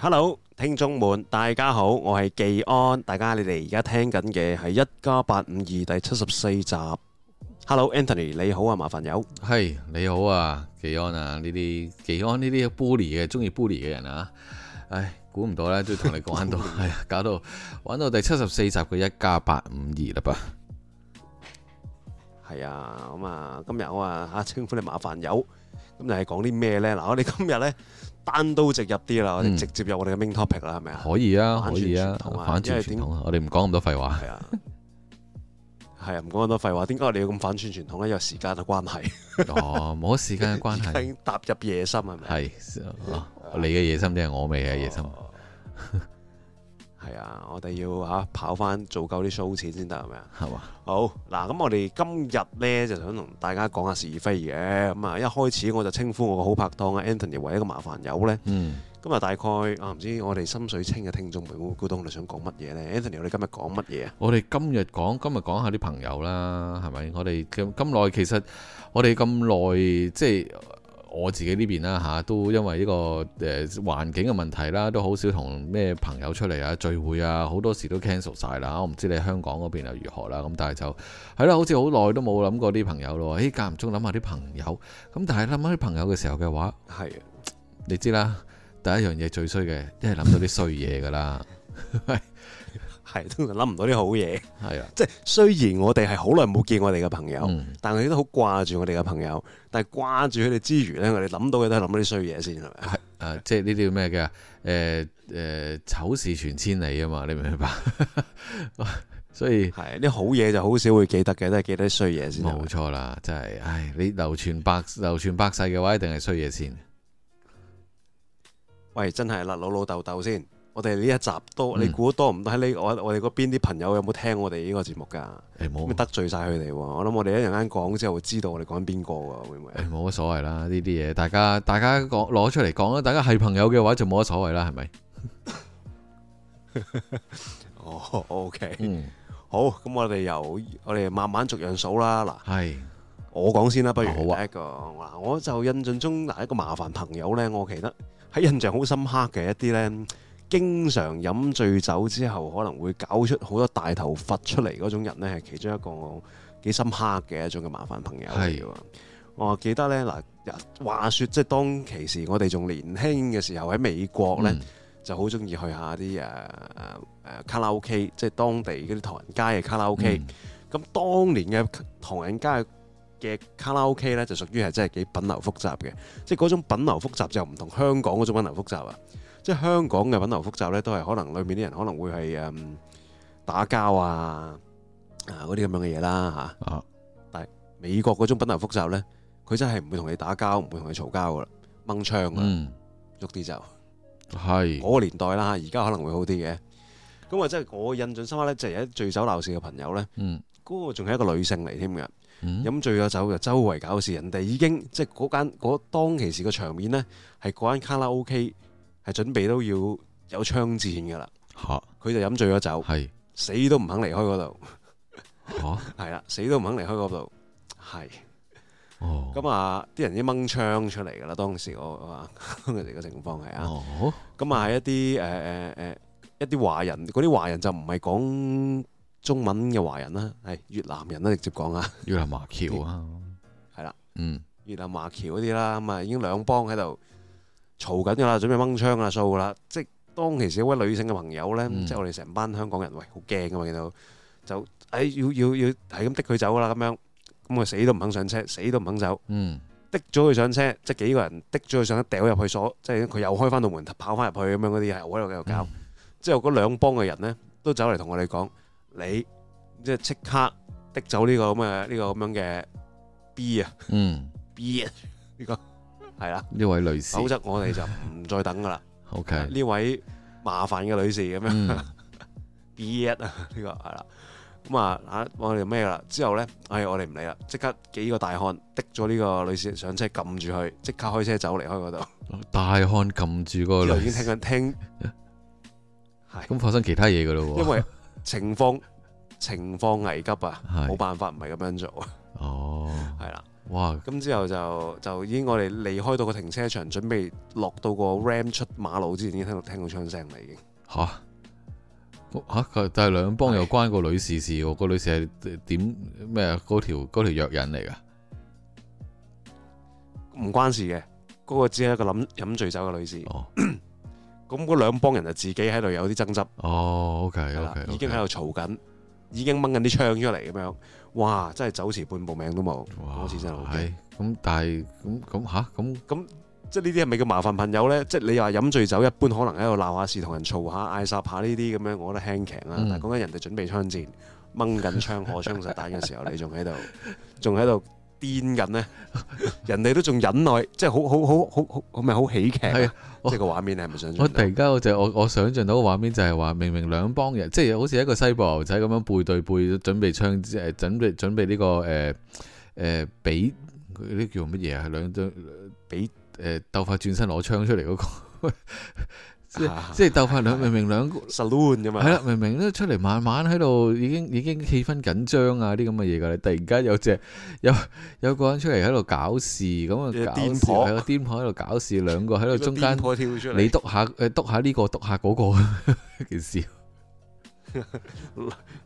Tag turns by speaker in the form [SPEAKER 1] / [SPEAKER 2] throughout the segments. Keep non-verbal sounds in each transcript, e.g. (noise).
[SPEAKER 1] hello，聽眾們大家好，我係紀安，大家你哋而家聽緊嘅係一加八五二第七十四集。hello，Anthony 你好啊，麻煩友，係你好啊，紀安啊，呢啲紀安呢啲
[SPEAKER 2] Bully 嘅，中意 Bully 嘅人啊，唉，估唔到咧，都要同你講到，係啊，搞到玩到第七十四集嘅一加八五二啦噃，
[SPEAKER 1] 係啊，咁啊，今日我啊，吓稱呼你麻煩友，咁你係講啲咩咧？嗱，我哋今日咧。單刀直入啲啦，我哋、嗯、直接入我哋嘅 main topic 啦，係咪啊？可以啊，傳傳可以啊，
[SPEAKER 2] 反傳，傳統，為我哋唔講咁多廢話。係為
[SPEAKER 1] (laughs) 啊，係啊，唔講咁多廢話。點解我哋要咁反傳，傳統咧？有時間嘅關係。 (laughs) 哦，冇時間嘅關係。踏入夜深係咪？係、哦，你嘅夜深定係我未嘅夜深？哦 (laughs) 係啊，我哋要嚇、啊、跑翻做夠啲 show 先得，係咪啊？係嘛吧。好嗱，咁我哋今日呢，就想同大家講下是非嘅咁啊。一開始我就稱呼我個好拍檔啊，Anthony 為一,一個麻煩友呢。嗯。咁啊，大概啊，唔知我哋心水清嘅聽眾會唔會估到我哋想講乜嘢呢？Anthony，我哋今日講乜嘢？
[SPEAKER 2] 我哋今日講，今日講下啲朋友啦，係咪？我哋咁咁耐，其實我哋咁耐即係。我自己呢邊啦嚇，都因為呢、這個誒環、呃、境嘅問題啦，都好少同咩朋友出嚟啊聚會啊，好多時都 cancel 晒啦。我唔知你香港嗰邊又如何啦。咁但係就係啦，好似好耐都冇諗過啲朋友咯。咦、哎，間唔中諗下啲朋友，咁但係諗下啲朋友嘅時候嘅話，係的你
[SPEAKER 1] 知啦，第一樣嘢最衰嘅，一係諗到啲衰嘢噶啦。 (laughs) (laughs) 係通常諗唔到啲好嘢，係啊，即係雖然我哋係好耐冇見我哋嘅朋友，但係佢都好掛住我哋嘅朋友。但係掛住佢哋之餘呢，我哋諗到嘅都係諗到啲衰嘢先，係咪？係即係呢啲叫咩嘅？誒誒，醜事傳千里啊嘛，你明唔明白？
[SPEAKER 2] 所以係啲好嘢就好少會記得嘅，都係記得啲衰嘢先。冇錯啦，真係，唉，你流傳百流傳百世嘅話，一定係衰嘢先。
[SPEAKER 1] 喂，真係啦，老老豆豆先。我哋呢一集、嗯、多，你估多唔多？喺呢我我哋嗰邊啲朋友有冇聽我哋呢個節目噶？冇、欸，得罪晒佢哋喎。我諗我哋一陣間講之後會知道我哋講緊邊個噶，會唔會？冇乜、欸、所謂啦，呢啲嘢大家大家講攞出嚟講
[SPEAKER 2] 啦，大家係朋友嘅話就冇乜所謂啦，係咪？
[SPEAKER 1] (laughs) 哦，OK、嗯、好，咁我哋由我哋慢慢逐樣數啦。嗱，係是我講先啦，不如好、啊、第一個嗱，我就印象中嗱，一個麻煩朋友咧，我記得喺印象好深刻嘅一啲咧。經常飲醉酒之後，可能會搞出好多大頭佛出嚟嗰種人呢，係其中一個我幾深刻嘅一種嘅麻煩朋友嚟嘅。是我記得呢，嗱，話説即係當其時我哋仲年輕嘅時候喺美國呢、嗯、就好中意去一下啲誒誒卡拉 OK，即係當地嗰啲唐人街嘅卡拉 OK。咁、嗯、當年嘅唐人街嘅卡拉 OK 呢，就屬於係真係幾品流複雜嘅，即係嗰種品流複雜就唔同香港嗰種品流複雜啊。即係香港嘅品流複雜呢，都係可能裏面啲人可能會係誒、嗯、打交啊啊嗰啲咁樣嘅嘢啦嚇，但係美國嗰種品流複雜呢，佢真係唔會同你打交，唔會同你嘈交噶啦，掹槍啊，喐啲、嗯、就係嗰是個年代啦，而家可能會好啲嘅。咁啊，即係我印象深刻呢，就係、是、有醉酒鬧事嘅朋友呢，嗰、嗯、個仲係一個女性嚟添嘅，飲、嗯、醉咗酒就周圍搞事，人哋已經即係嗰間當其時個場面呢，係嗰間卡拉 OK。係準備都要有槍戰噶啦，吓佢就飲醉咗酒，係死都唔肯離開嗰度，係啦，死都唔肯離開嗰度，係哦，咁啊，啲人已經掹槍出嚟噶啦，當時我話啊，佢哋個情況係啊，咁啊係一啲誒誒誒，一啲華人，嗰啲華人就唔係講中文嘅華人啦，係越南人啦，直接講啊，越南華僑啊，係啦，嗯，越南華僑嗰啲啦，咁啊已經兩幫喺度。嘈緊㗎啦，準備掹槍啊，掃㗎啦！即係當其時一位女性嘅朋友咧，即係我哋成班香港人，喂，好驚㗎嘛！見到就誒要要要係咁逼佢走啦，咁樣咁啊死都唔肯上車，死都唔肯走。嗯。逼咗佢上車，即係幾個人逼咗佢上一掉入去鎖，即係佢又開翻到門跑翻入去咁樣，嗰啲係我喺度繼續搞。之後嗰兩幫嘅人咧都走嚟同我哋講：你即係即刻逼走呢個咁嘅呢個咁樣嘅 B 啊！嗯。B 呢個。.係啦，呢位女士，否則我哋就唔再等噶啦。OK，呢位麻煩嘅女士咁樣，B 一啊，呢、嗯 (laughs) 這個係啦。咁啊，啊，我哋咩啦？之後咧，唉、哎，我哋唔理啦，即刻幾個大漢的咗呢個女士上車，撳住佢，即刻開車走離開，離開嗰度。
[SPEAKER 2] 大漢撳住嗰個女士，已經聽緊聽。
[SPEAKER 1] 係、 (laughs) 嗯。咁發生其他嘢噶咯？是因為情況 (laughs) 情況危急啊，冇辦法，唔係咁樣做。哦，係啦、哦。 (laughs) 哇！咁之後就就已經我哋離開到個停車場，準備落到個 Ram 出馬路之前，已經聽到聽到槍聲喇已經。
[SPEAKER 2] 吓吓，但係兩幫又關個女士事喎？個是女士係點咩？嗰條嗰條藥引嚟噶？
[SPEAKER 1] 唔關事嘅，嗰、嗰個只係一個飲飲醉酒嘅女士。哦。咁嗰 (coughs) 兩幫人就自己喺度有啲爭執。哦，OK, okay, okay, okay. 已經喺度嘈緊。已經掹緊啲槍出嚟咁樣，哇！真係走遲半步命都冇。哇！咁但係咁咁嚇咁咁，即係呢啲係咪叫麻煩朋友咧？即係你又話飲醉酒，一般可能喺度鬧下事，同人嘈下、嗌殺下呢啲咁樣，我覺得輕騎啦。嗯、但係講緊人哋準備槍戰、掹緊槍、荷槍實彈嘅時候， (laughs) 你仲喺度，仲喺度。癲緊呢，人哋都仲忍耐， (laughs) 即係好好好好，係咪好喜劇啊？的即係個畫面你係咪想
[SPEAKER 2] 象？我突然間我就我我想象到個畫面就係話，明明兩幫人，即係好似一個西部牛仔咁樣背對背準備槍，誒準備準備呢、這個誒誒畀啲叫乜嘢啊？兩張畀誒、呃、鬥法轉身攞槍出嚟嗰、那個。 (laughs) 即係鬥快兩明明兩個 saloon 咁啊係啦，嘛明明咧出嚟慢慢喺度已經已經氣氛緊張啊啲咁嘅嘢噶啦，突然間有隻有有個人出嚟喺度搞事，咁啊癲婆喺個癲婆喺度搞事，兩婆個喺度中間你督下督下呢個，督下嗰、這個件事，
[SPEAKER 1] (laughs)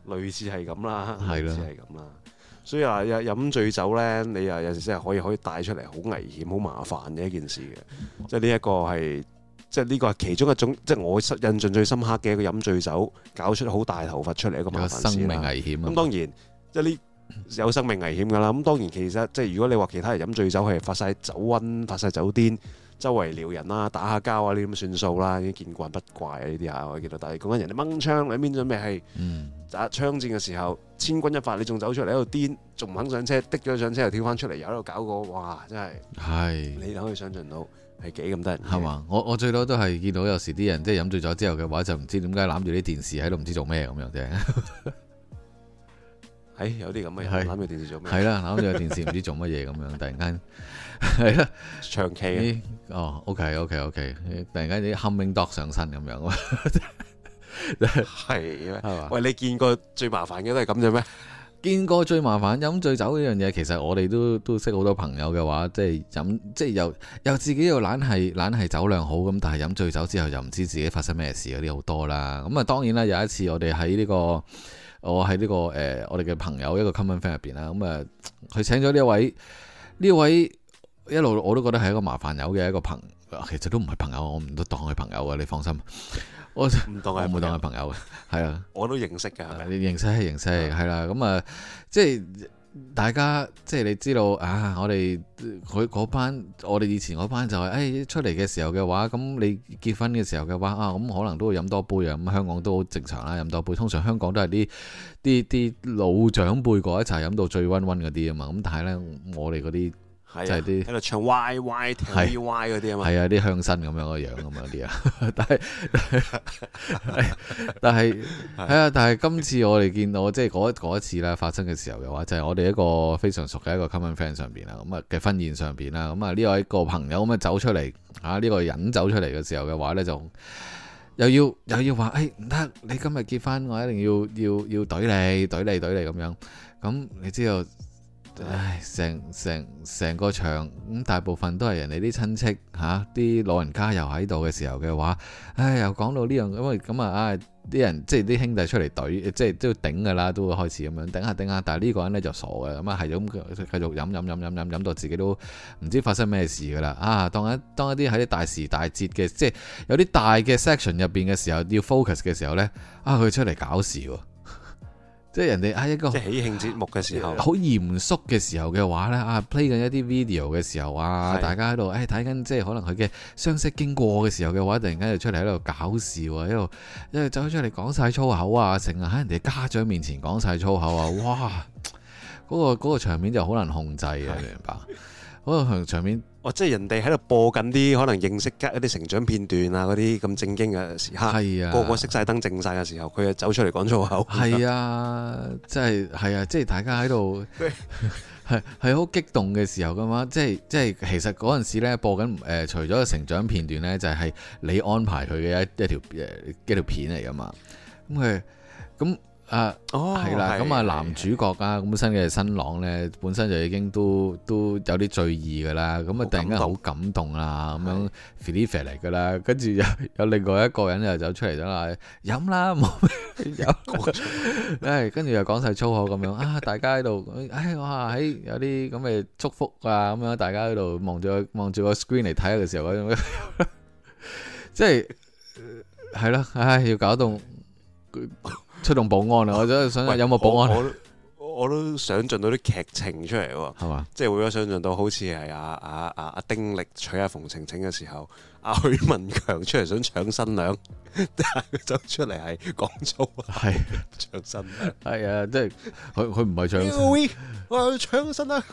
[SPEAKER 1] 類似係咁啦，係啦的，類似係咁啦。所以話飲醉酒咧，你又有時真係可以可以帶出嚟好危險、好麻煩嘅一件事嘅，即係呢一個係。即係呢個係其中一種，即係我印象最深刻嘅一個飲醉酒搞出好大頭髮出嚟一個麻煩，生命危險。咁當然即係呢有生命危險㗎啦。咁當，當然其實即係如果你話其他人飲醉酒係發晒酒瘟、發晒酒癲、周圍撩人啦、打下交啊呢咁算數啦，已經見慣不怪啊呢啲啊，我記得。但係講緊人哋掹槍裏面準備係打槍戰嘅時候，嗯、千鈞一髮，你仲走出嚟喺度癲，仲唔肯上車滴咗上車又跳翻出嚟，又喺度搞個，哇！真係係的你都可以想像到。係幾
[SPEAKER 2] 咁得人，係嘛？我我最多都係見到有時啲人即係飲醉咗之後嘅話，就唔知點解攬住啲電視喺度唔知做咩咁樣啫。
[SPEAKER 1] 係、 (laughs) (laughs) 哎、有啲咁嘅人攬住是電視做咩？係啦，攬住個電視唔
[SPEAKER 2] 知做乜嘢咁樣，突然間係啦，長 (laughs) 期，哦、哎 oh，OK OK OK，突然間啲 humming dog 上身咁樣，係咩？係嘛？喂，你見過
[SPEAKER 1] 最麻煩嘅都係
[SPEAKER 2] 咁樣咩？見過最麻煩飲醉酒呢樣嘢，其實我哋都都識好多朋友嘅話，即係飲即係又又自己又懶係懶係酒量好咁，但係飲醉酒之後又唔知自己發生咩事嗰啲好多啦。咁、嗯、啊，當然啦，有一次我哋喺呢個我喺呢個誒，我哋嘅、這個呃、朋友一個 common friend 入邊啦，咁啊佢請咗呢位呢位一路我都覺得係一個麻煩友嘅一個朋友，其實都唔係朋友，我唔都當佢朋友啊，你放心。我唔當係，我冇當係朋友嘅，係啊， (laughs) 了我都認識㗎，你認識係認識，係啦的，咁啊、嗯，即係大家，即係你知道啊，我哋佢嗰班，我哋以前嗰班就係、是，誒、哎、出嚟嘅時候嘅話，咁你結婚嘅時候嘅話啊，咁、嗯、可能都會飲多杯啊，咁、嗯、香港都好正常啦，飲多杯，通常香港都係啲啲啲老長輩嗰一齊飲到醉醺醺嗰啲啊嘛，咁但係咧，我哋嗰啲。就係啲喺度
[SPEAKER 1] 唱歪歪跳歪嗰啲啊嘛，係啊，
[SPEAKER 2] 啲鄉身咁樣個樣啊嘛啲啊，但係但係係啊，但係今次我哋見到即係嗰一次啦，發生嘅時候嘅話，就係、是、我哋一個非常熟嘅一個 common friend 上邊啦，咁啊嘅婚宴上邊啦，咁啊呢個朋友咁啊走出嚟啊，呢個人走出嚟嘅時候嘅話咧，就又要又要話誒唔得，你今日結婚，我一定要要要懟你懟你懟你咁樣，咁你知道？唉，成成成個場咁、嗯，大部分都係人哋啲親戚嚇，啲、啊、老人家又喺度嘅時候嘅話，唉、哎，又講到呢、這個、樣咁，咁啊，啲人即係啲兄弟出嚟懟，即係都要頂噶啦，都會開始咁樣頂下頂下。但係呢個人呢，就傻嘅，咁啊係咁繼續飲飲飲飲飲飲到自己都唔知發生咩事噶啦。啊，當一當一啲喺啲大時大節嘅，即係有啲大嘅 section 入邊嘅時候，要 focus 嘅時候呢，啊，佢出嚟搞事喎。即係人哋喺一個喜慶節目嘅時候，好、啊、嚴肅嘅時候嘅話呢啊，play 緊一啲 video 嘅時候啊，的大家喺度誒睇緊，即係可能佢嘅相識經過嘅時候嘅話，突然間就出嚟喺度搞笑，一路一路走出嚟講晒粗口啊，成日喺人哋家長面前講晒粗口啊， (laughs) 哇！嗰、嗰個嗰、嗰個、場面就好難控制啊，你的明白？嗰個場面，
[SPEAKER 1] 哦，即係人哋喺度播緊啲可能認識緊一啲成長片段啊，嗰啲咁正經嘅時刻，係啊，個個熄晒燈靜晒嘅時候，佢、啊、就走出嚟講粗口，係啊，樣啊，啊，
[SPEAKER 2] 即係係啊，即係大家喺度係係好激動嘅時候噶嘛，即係即係其實嗰陣時咧播緊誒、呃，除咗個成長片段咧，就係、是、你安排佢嘅一條一條誒一條片嚟噶嘛，咁佢咁。啊，係啦，咁啊男主角啊，咁本身嘅新郎咧，本身就已經都都有啲醉意噶啦，咁啊突然間好感動啦，咁樣 filipper 嚟噶啦，跟住又有另外一個人又走出嚟咗啦，飲啦冇咩飲，誒，跟住又講晒粗口咁樣啊，大家喺度，誒，哇，喺有啲咁嘅祝福啊，咁樣大家喺度望住望住個 screen 嚟睇嘅時候，即係係啦，唉，要搞到。出動保安啦、啊！我真係想有冇保安，
[SPEAKER 1] 我都想象到啲劇情出嚟喎，係嘛吧？即係會想象到好似係阿阿阿阿丁力娶阿馮晴晴嘅時候。阿許文強出嚟想搶新娘，但係佢走出嚟係講粗啊，係搶新娘，係啊，即係佢佢唔係搶，我搶新娘，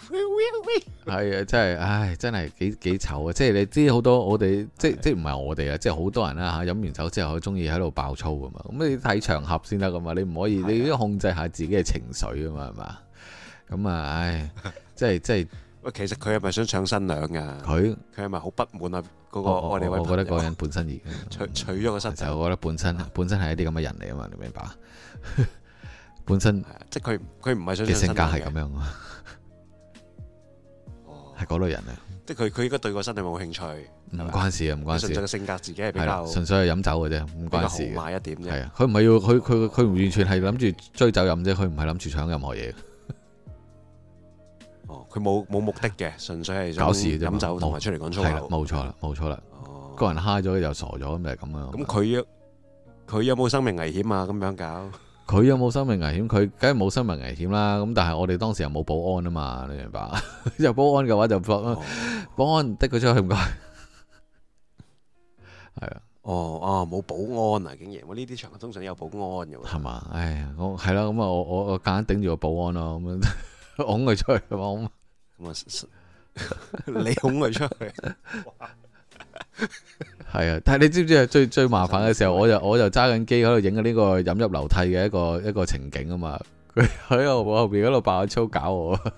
[SPEAKER 1] 係
[SPEAKER 2] 啊，真係，唉、哎，真係、哎、幾幾醜啊！即係你知好多我哋，即即唔係我哋啊，即係好多人啦吓，飲完酒之後佢中意喺度爆粗噶嘛，咁你睇場合先得噶嘛，你唔可以，你都要控制下自己嘅情緒噶嘛，係嘛，咁啊，唉、哎，即係即係。
[SPEAKER 1] 喂，其實佢係咪想搶新娘㗎？佢佢係咪好不滿啊？嗰、那個我我覺得嗰個人本身已娶娶咗個新就
[SPEAKER 2] 我覺得本身 (laughs) 本身係一啲咁嘅人嚟啊嘛，你明白？本身
[SPEAKER 1] 即係佢佢唔係想。嘅性格係咁樣
[SPEAKER 2] 啊！係嗰、哦哦、 (laughs) 類人啊。
[SPEAKER 1] 即係佢佢應該對個新娘冇興趣，唔、哦、吧關事啊，唔關事。純粹性格，自己係比較純粹
[SPEAKER 2] 係飲酒嘅啫，唔關事嘅。豪
[SPEAKER 1] 邁一點啫，係啊！
[SPEAKER 2] 佢唔係要佢佢佢完全係諗住追酒飲啫，佢唔係諗住搶任何嘢。
[SPEAKER 1] 哦，佢冇冇目的嘅，純粹係搞事飲酒同埋出嚟講粗口，係啦，冇錯啦，冇錯啦。噢個人嗨咗又傻咗，咁就係咁樣。咁佢佢有冇生命危險啊？咁樣搞，
[SPEAKER 2] 佢有冇生命危險？佢梗係冇生命危險啦。咁但係我哋當時又冇保安啊嘛，你明白？
[SPEAKER 1] 有保安嘅話就唔得，保安逼佢出去唔該。係啊， (laughs) 哦哦，冇保安啊，竟然我呢啲場通常有保安嘅，係嘛？唉，
[SPEAKER 2] 我係啦，咁啊，我我我夾硬頂住個保安咯，咁樣。拱佢出去，咁啊！ (laughs) (laughs) 你拱佢出去，係啊！ (laughs) 但係你知唔知啊？最最麻煩嘅時候，我就我就揸緊機喺度影緊呢個飲入樓梯嘅一個
[SPEAKER 1] 一個情景啊嘛！佢 (laughs) 喺我後邊嗰度爆粗搞我。 (laughs)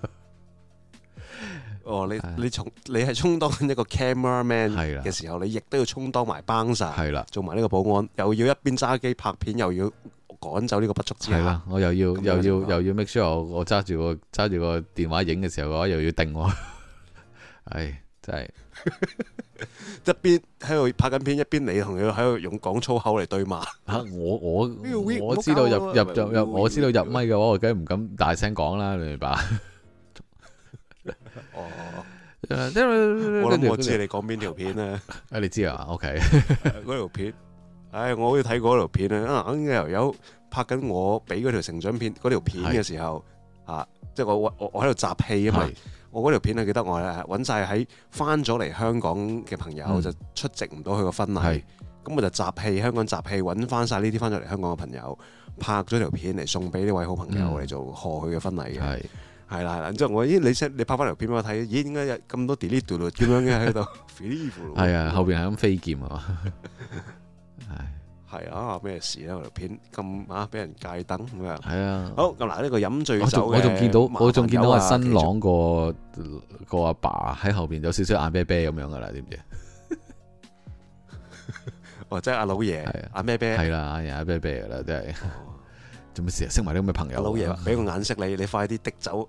[SPEAKER 1] 哦，你你充你係充當一個 camera man 嘅時候，的你亦都要充當埋 bouncer，係啦，做埋呢個保安，又要一邊揸機拍片，又要。趕走呢個不足
[SPEAKER 2] 之係啦、啊！我又要又要又要，又要 make sure 我揸住個揸住個電話影嘅時候嘅話，又要
[SPEAKER 1] 定喎。真係一邊喺度拍緊片，一邊你同佢喺度用講粗口嚟對罵吓、 (laughs) 啊。我我我知道入入入是是我
[SPEAKER 2] 知道入咪嘅話，我梗係唔敢大聲講啦。你明白？
[SPEAKER 1] 哦 (laughs) (laughs) 我，我知你講邊條片啊？你知啊？OK，嗰條片。唉，我好似睇過條片啊。啊，啱啱有拍緊我俾嗰條成長片嗰條片嘅時候，啊，即係我我喺度集氣啊嘛！我嗰條片啊，記得我咧揾晒喺翻咗嚟香港嘅朋友就出席唔到佢個婚禮，咁我就集氣香港集氣揾翻晒呢啲翻咗嚟香港嘅朋友拍咗條片嚟送俾呢位好朋友嚟做賀佢嘅婚禮嘅，係係啦係啦，之後我咦你你拍翻條片俾我睇，咦，點解咁多 delete 度，點樣嘅喺度 delete 度？係啊，後邊係咁飛劍啊！係啊，咩事啊？條片咁啊，俾人戒燈咁樣。係啊。好，咁嗱呢個飲醉酒我仲我見到我仲見到個新
[SPEAKER 2] 郎個個阿爸喺後邊有少少眼啤啤咁樣噶啦，知唔知？
[SPEAKER 1] 哦，即係阿老爺。係啊。阿咩啤？係啦，人阿啤啤啦，真係。做咩成日識埋啲咁嘅朋友。老爺，俾個眼色你，你快啲滴走，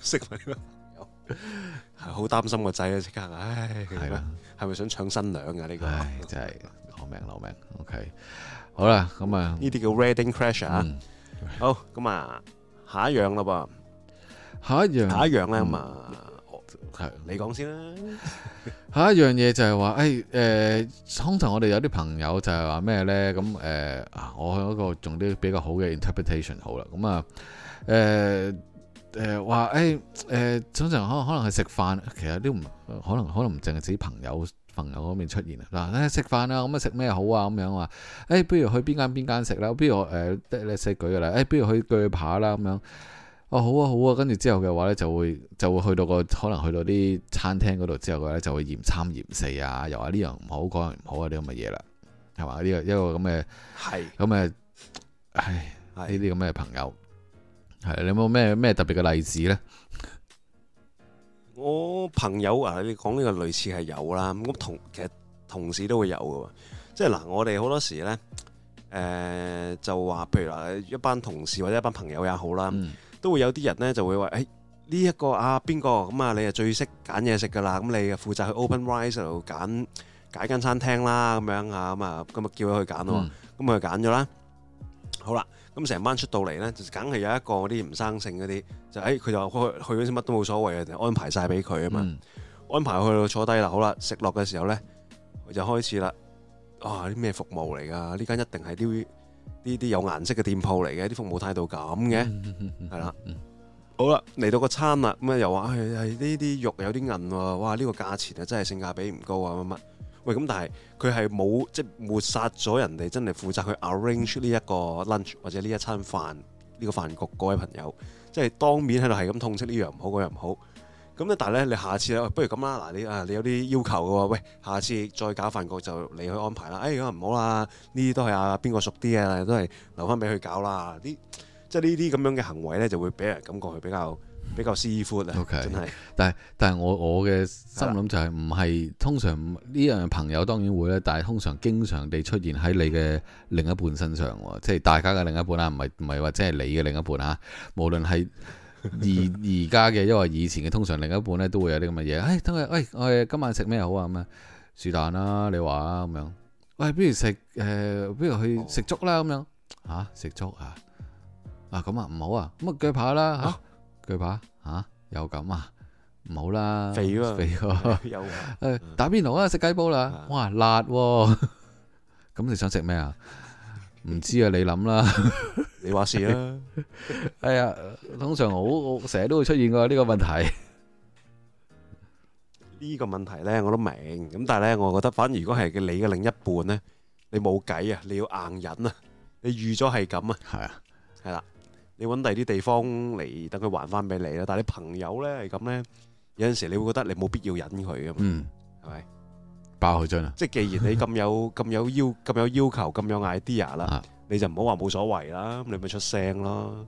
[SPEAKER 1] 識埋啲朋友。係好擔心個仔啊！即刻，唉。係啦。係咪想搶新娘啊？呢個。係真係。命留命，OK，好啦，咁啊呢啲叫 reading crash 啊，嗯、好，咁啊下一樣啦噃，
[SPEAKER 2] 下一樣，下一樣咧咁啊，
[SPEAKER 1] 係你講先啦，
[SPEAKER 2] (laughs) 下一樣嘢就係話，誒、哎，誒、呃，通常,常我哋有啲朋友就係話咩咧，咁誒、呃，我喺嗰個做啲比較好嘅 interpretation，好啦，咁、嗯、啊，誒、呃，誒、呃，話誒，誒、哎，通、呃、常,常,常可可能係食飯，其實都唔可能，可能唔淨係自己朋友。朋友嗰面出現啊嗱，食飯啊咁啊食咩好啊咁樣話，誒、哎，不如去邊間邊間食啦，不如誒，得你舉個例啦，誒，不、哎、如去鋸扒啦咁樣，哦、啊，好啊好啊，跟住之後嘅話咧就會就會去到個可能去到啲餐廳嗰度之後嘅話咧就會嫌三嫌四啊，又話呢樣唔好，嗰樣唔好啊啲咁嘅嘢啦，係嘛？呢個一個咁嘅係咁嘅，唉，呢啲咁嘅朋友，係你有冇咩咩特別嘅例子咧？
[SPEAKER 1] 我朋友啊，你講呢個類似係有啦，咁同其實同事都會有嘅，即係嗱、啊，我哋好多時呢，誒、呃、就話譬如嗱，一班同事或者一班朋友也好啦，嗯、都會有啲人呢就會話，誒呢一個啊邊個咁啊，你係最識揀嘢食㗎啦，咁你就負責去 OpenRice 度揀揀間餐廳啦，咁樣啊，咁啊咁啊叫佢去揀咯，咁佢揀咗啦，好啦。咁成班出到嚟咧，就梗係有一個嗰啲唔生性嗰啲，就誒佢、欸、就去去啲乜都冇所謂嘅，就安排晒俾佢啊嘛。嗯、安排坐去坐低樓啦，食落嘅時候咧，就開始啦。啊，啲咩服務嚟㗎？呢間一定係啲啲啲有顏色嘅店鋪嚟嘅，啲服務態度咁嘅，係啦。好啦，嚟到個餐啦，咁啊又話係呢啲肉有啲硬喎、啊。哇！呢、呢個價錢啊，真係性價比唔高啊，咁啊。喂，咁但係佢係冇即係抹殺咗人哋真係負責去 arrange 呢一個 lunch 或者呢一餐飯，呢個飯局，各位朋友，即係當面喺度係咁痛斥呢樣唔好，嗰樣唔好，咁咧但係咧你下次咧，不如咁啦，嗱你啊你有啲要求嘅喎，喂，下次再搞飯局就你去安排啦，哎，咁唔好啦，呢啲都係啊邊個熟啲嘅、啊，都係留翻俾佢搞啦，啲即係呢啲咁樣嘅行為咧就會俾人感覺佢比較。比較舒闊啊！Okay. 真係是，但
[SPEAKER 2] 係但係我我嘅心諗就係唔係通常呢樣朋友當然會咧，但係通常經常地出現喺你嘅另一半身上喎，即係大家嘅另一半啦，唔係唔係或者係你嘅另一半嚇。無論係而而家嘅，因為以前嘅通常另一半咧都會有啲咁嘅嘢，哎，等佢，喂，我哋今晚、啊啊呃啊、食咩、啊啊啊、好啊？咁啊，是但啦，你話啊，咁樣，喂，不如食誒，不如去食粥啦，咁樣嚇食粥啊啊咁啊唔好啊，咁啊鋸扒啦嚇。鋸扒吓又咁啊，唔好啦，肥喎肥喎，又打邊爐啊，食雞煲啦，哇辣，咁你想食咩啊？唔知啊，你諗啦，你話事啦，
[SPEAKER 1] 係啊，通常我，我成日都會出現過呢個問題。呢個問題咧，我都明，咁但係咧，我覺得反而如果係嘅你嘅另一半咧，你冇計啊，你要硬忍啊，你預咗係咁啊，係啊，係啦。Yup、tissues，你揾第啲地方嚟等佢還翻俾你啦，但係你朋友咧係咁咧，有陣時你會覺得你冇必要忍佢㗎
[SPEAKER 2] 嘛，
[SPEAKER 1] 係咪爆佢張啦？即係既然你咁有咁有要咁有要求咁有 idea 啦，قول, 你就唔好話冇所謂啦，你咪出聲咯，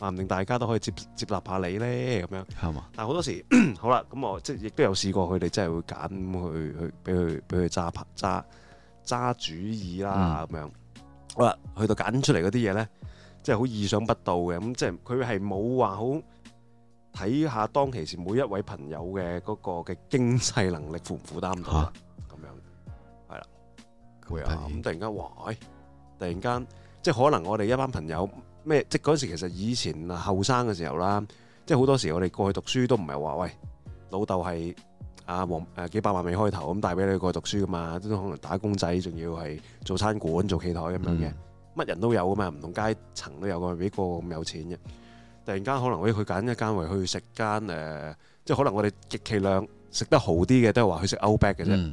[SPEAKER 1] 話唔定大家都可以接接納下你咧咁樣，係嘛？但係好多時好啦，咁我即亦都有試過，佢哋真係會揀去去俾佢俾佢揸拍揸揸主意啦咁樣。好啦、嗯 yep，去到揀出嚟嗰啲嘢咧。即係好意想不到嘅，咁即係佢係冇話好睇下當其時每一位朋友嘅嗰個嘅經濟能力負唔負擔到，咁樣係啦，佢啊，咁、嗯、突然間，哇！誒，突然間，即係可能我哋一班朋友咩？即係嗰陣時其實以前後生嘅時候啦，即係好多時我哋過去讀書都唔係話喂，老豆係啊黃誒、啊、幾百萬未開頭咁帶俾你過去讀書噶嘛，都可能打工仔仲要係做餐館做企台咁樣嘅。嗯乜人都有噶嘛，唔同階層都有噶，邊個咁有錢嘅？突然間可能會去揀一間，或去食間誒，即係可能我哋極其量食得好啲嘅，都係話去食 Outback 嘅啫。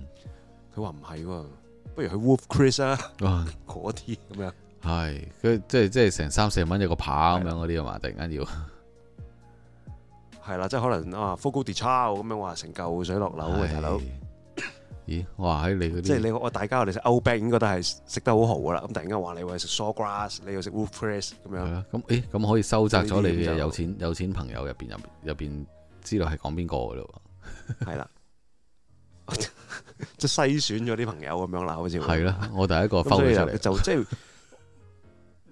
[SPEAKER 1] 佢話唔係，不如去 Wolf Chris 啊，嗰啲咁樣。係，佢即係即係成三四蚊一
[SPEAKER 2] 個扒咁樣嗰啲啊嘛，的突然間要。
[SPEAKER 1] 係啦，即係可能啊，Fogo de Chao 咁樣，哇，成嚿水落樓嘅，大佬。
[SPEAKER 2] 咦，我話喺你嗰
[SPEAKER 1] 啲，即係你我大家我哋食 Old Bank 應該都係食得，得好好噶啦，咁突然間話你會食 Sawgrass，你要食 Woodpress 咁樣，咁誒，
[SPEAKER 2] 咁、欸、可以收窄咗你嘅有錢有錢朋友入邊入入邊資料係講邊個
[SPEAKER 1] 噶咯？係啦了，即係篩選咗啲朋友咁樣啦，好似係啦，我第一個分咗出嚟就即係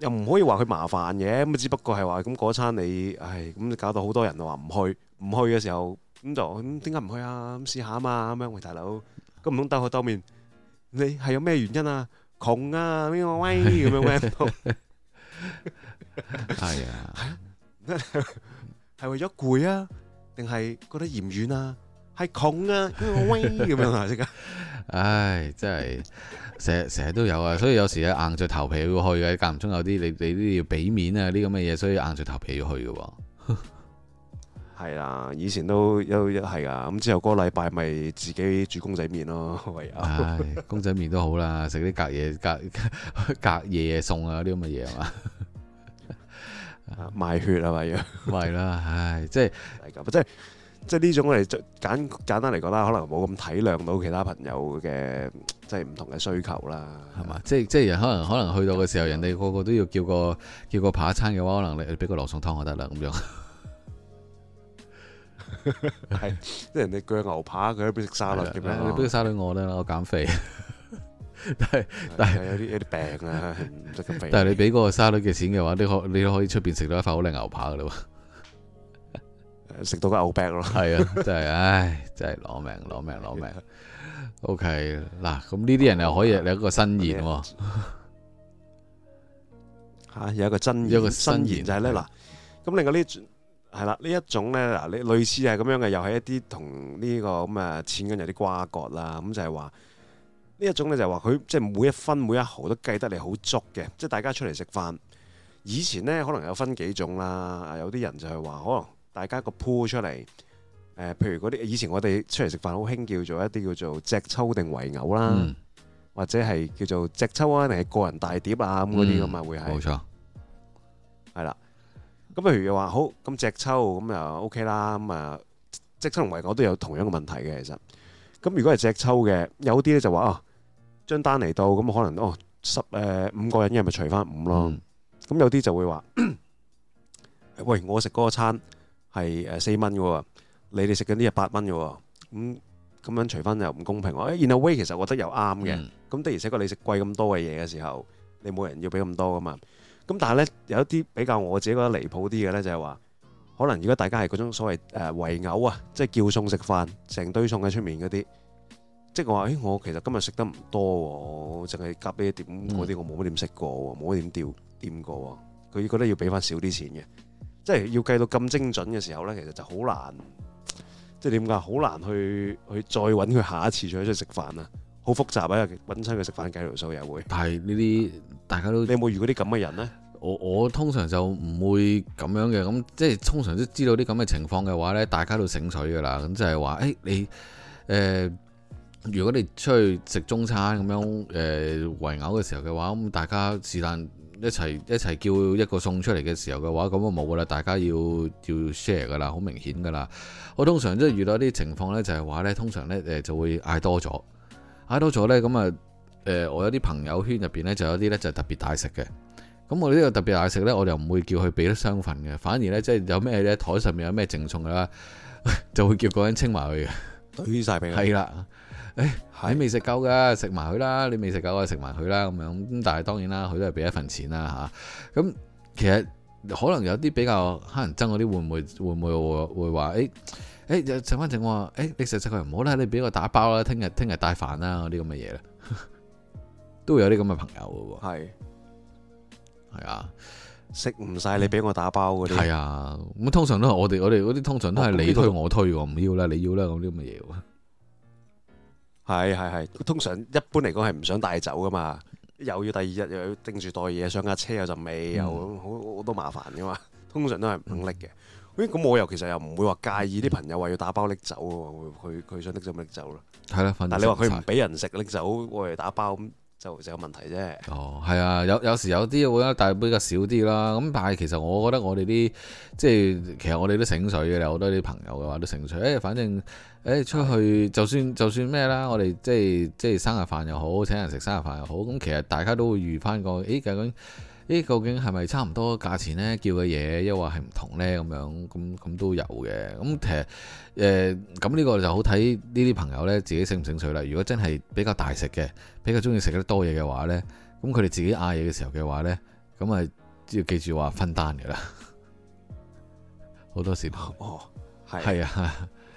[SPEAKER 1] (laughs) 又唔可以話佢麻煩嘅，咁只不過係話咁嗰餐你，唉，咁你搞到好多人話唔去，唔去嘅時候咁就咁點解唔去啊？咁試下啊嘛，咁樣喂大佬。咁唔通兜口兜面？你係有咩原因啊？窮啊？邊個威咁樣威唔到？係啊，係為咗攰啊，定係覺得嫌遠啊？係窮啊？邊個威咁樣啊？即係，唉，真係
[SPEAKER 2] 成日成日都有啊！所以有時啊，硬着頭皮要去嘅，間唔中有啲你你都要俾面啊，啲
[SPEAKER 1] 咁嘅嘢，所以硬着頭皮要去嘅 (laughs) 係啦，以前都都一係噶，咁之後嗰個禮拜咪自己煮公仔麵咯，唯有。唉，公仔麵都好
[SPEAKER 2] 啦，食啲 (laughs) 隔夜隔隔夜餸啊，啲咁嘅嘢係嘛？
[SPEAKER 1] 賣血係咪？賣啦的， (laughs) 唉，即係，唔即係，即係呢種我哋簡簡單嚟講啦，可能冇咁體諒到其他朋友嘅即係唔同嘅需求啦，
[SPEAKER 2] 係嘛的吧？即係即係可能可能去到嘅時候，人哋個個都要叫個叫個扒餐嘅話，可能你俾個羅宋湯就得啦，咁樣。 (laughs)
[SPEAKER 1] 係即係人哋鋸牛扒，佢喺邊食沙律咁樣。的哦、你俾個沙律我啦，我減肥。 (laughs) 對但係是但係有啲有啲病啊，但係你
[SPEAKER 2] 俾嗰個沙律嘅錢嘅話，你可你都可以出邊食到一塊好靚牛排噶啦。食到個牛逼咯。係啊， (laughs) 真係，唉，真係攞命、攞命、攞命。OK，嗱，咁呢啲人又可以
[SPEAKER 1] 有一個新言。吓、 (laughs) 啊，有一，有一個新言，就是，有個新言就係咧，嗱，咁另外呢？係啦，呢一種咧，嗱，你類似係咁樣嘅，又係一啲同呢個咁啊，錢、嗯、緊有啲瓜葛啦。咁就係話呢一種咧，就係話佢即係每一分每一毫都計得你好足嘅。即、就、係、是、大家出嚟食飯，以前咧可能有分幾種啦。有啲人就係話可能大家個鋪出嚟，誒、呃，譬如嗰啲以前我哋出嚟食飯好興叫做一啲叫做隻抽定圍牛啦，嗯、或者係叫做隻抽啊定係個人大碟啊咁嗰啲咁啊會係冇、嗯、錯，係啦。咁譬如話好，咁直抽咁啊 OK 啦，咁啊直抽同埋我都有同樣嘅問題嘅其實。咁如果係直抽嘅，有啲咧就話哦，張單嚟到咁可能哦十誒、呃、五個人一嘅咪除翻五咯。咁、嗯、有啲就會話， (coughs) 喂，我食嗰餐係誒四蚊嘅喎，你哋食緊啲係八蚊嘅喎，咁咁樣除翻又唔公平，然後、哎、in a way 其實我覺得又啱嘅，咁、嗯、的而且確你食貴咁多嘅嘢嘅時候，你冇人要俾咁多噶嘛。咁但係咧，有一啲比較我自己覺得離譜啲嘅咧，就係話，可能如果大家係嗰種所謂誒、呃、圍毆啊，即係叫餸食飯，成堆餸喺出面嗰啲，即係我話，誒我其實今日食得唔多，我淨係夾呢一點嗰啲，我冇乜點食過，冇乜點調掂過，佢覺得要俾翻少啲錢嘅，即係要計到咁精準嘅時候咧，其實就好難，即係點解好難去去再揾佢下一次再出去食飯啊！好複雜啊！揾親佢食飯計條數又會，但係呢啲大家都，你有冇遇過啲咁嘅人呢？我我通常就
[SPEAKER 2] 唔會咁樣嘅。咁即係通常都知道啲咁嘅情況嘅話呢，大家都醒水噶啦。咁就係話，誒、欸、你誒、呃，如果你出去食中餐咁樣誒圍毆嘅時候嘅話，咁大家是但一齊一齊叫一個送出嚟嘅時候嘅話，咁啊冇噶啦，大家要要 share 噶啦，好明顯噶啦。我通常都係遇到啲情況呢，就係、是、話呢，通常呢誒就會嗌多咗。睇到咗咧，咁啊，誒、呃，我有啲朋友圈入邊咧，就有啲咧就係、特別大食嘅。咁我呢個特別大食咧，我就唔會叫佢俾啲雙份嘅，反而咧即係有咩咧台上面有咩贈送啦， (laughs) 就會叫嗰個人清埋佢嘅，堆曬俾佢。係啦，誒，你未食夠噶？食埋佢啦，你未食夠我食埋佢啦，咁樣。咁但係當然啦，佢都係俾一份錢啦，嚇、啊。咁其實可能有啲比較乞人憎嗰啲，會唔會會唔會會會話、欸誒，又剩翻正話，誒，你食食佢唔好啦，你俾我打包啦，聽日聽日帶飯啦，嗰啲咁嘅嘢啦，都會有啲咁嘅朋友嘅，係是，係啊，食唔晒你俾我打包嗰啲，係啊，咁通常都係我哋我哋啲通常都係你推我推，唔要啦，你
[SPEAKER 1] 要啦，咁啲咁嘅嘢，係係係，通常一般嚟講係唔想帶走噶嘛，又要第二日又要拎住袋嘢上架車又陣味，嗯、又好好多麻煩噶嘛，通常都係唔肯拎嘅。嗯咁我又其實又唔會話介意啲朋友話要打包拎走，佢佢想拎走咪拎走咯。
[SPEAKER 2] 係啦，但係你話佢唔俾
[SPEAKER 1] 人食拎走，我哋打包咁就有問題啫。哦，
[SPEAKER 2] 係啊，有有時有啲會啦，但比較少啲啦。咁但係其實我覺得我哋啲即係其實我哋都醒水嘅，有好多啲朋友嘅話都醒水。誒、哎，反正誒、哎、出去就算就算咩啦，我哋即係即係生日飯又好，請人食生日飯又好，咁其實大家都會預返個誒咁。哎究竟誒究竟係咪差唔多價錢呢？叫嘅嘢，又或係唔同呢，咁樣？咁咁都有嘅。咁其實誒咁呢個就好睇呢啲朋友呢，自己醒唔醒水啦。如果真係比較大食嘅，比較中意食得多嘢嘅話呢，咁佢哋自己嗌嘢嘅時候嘅話呢，咁啊要記住話分單㗎啦。好 (laughs) 多
[SPEAKER 1] 時哦，係啊。 (laughs)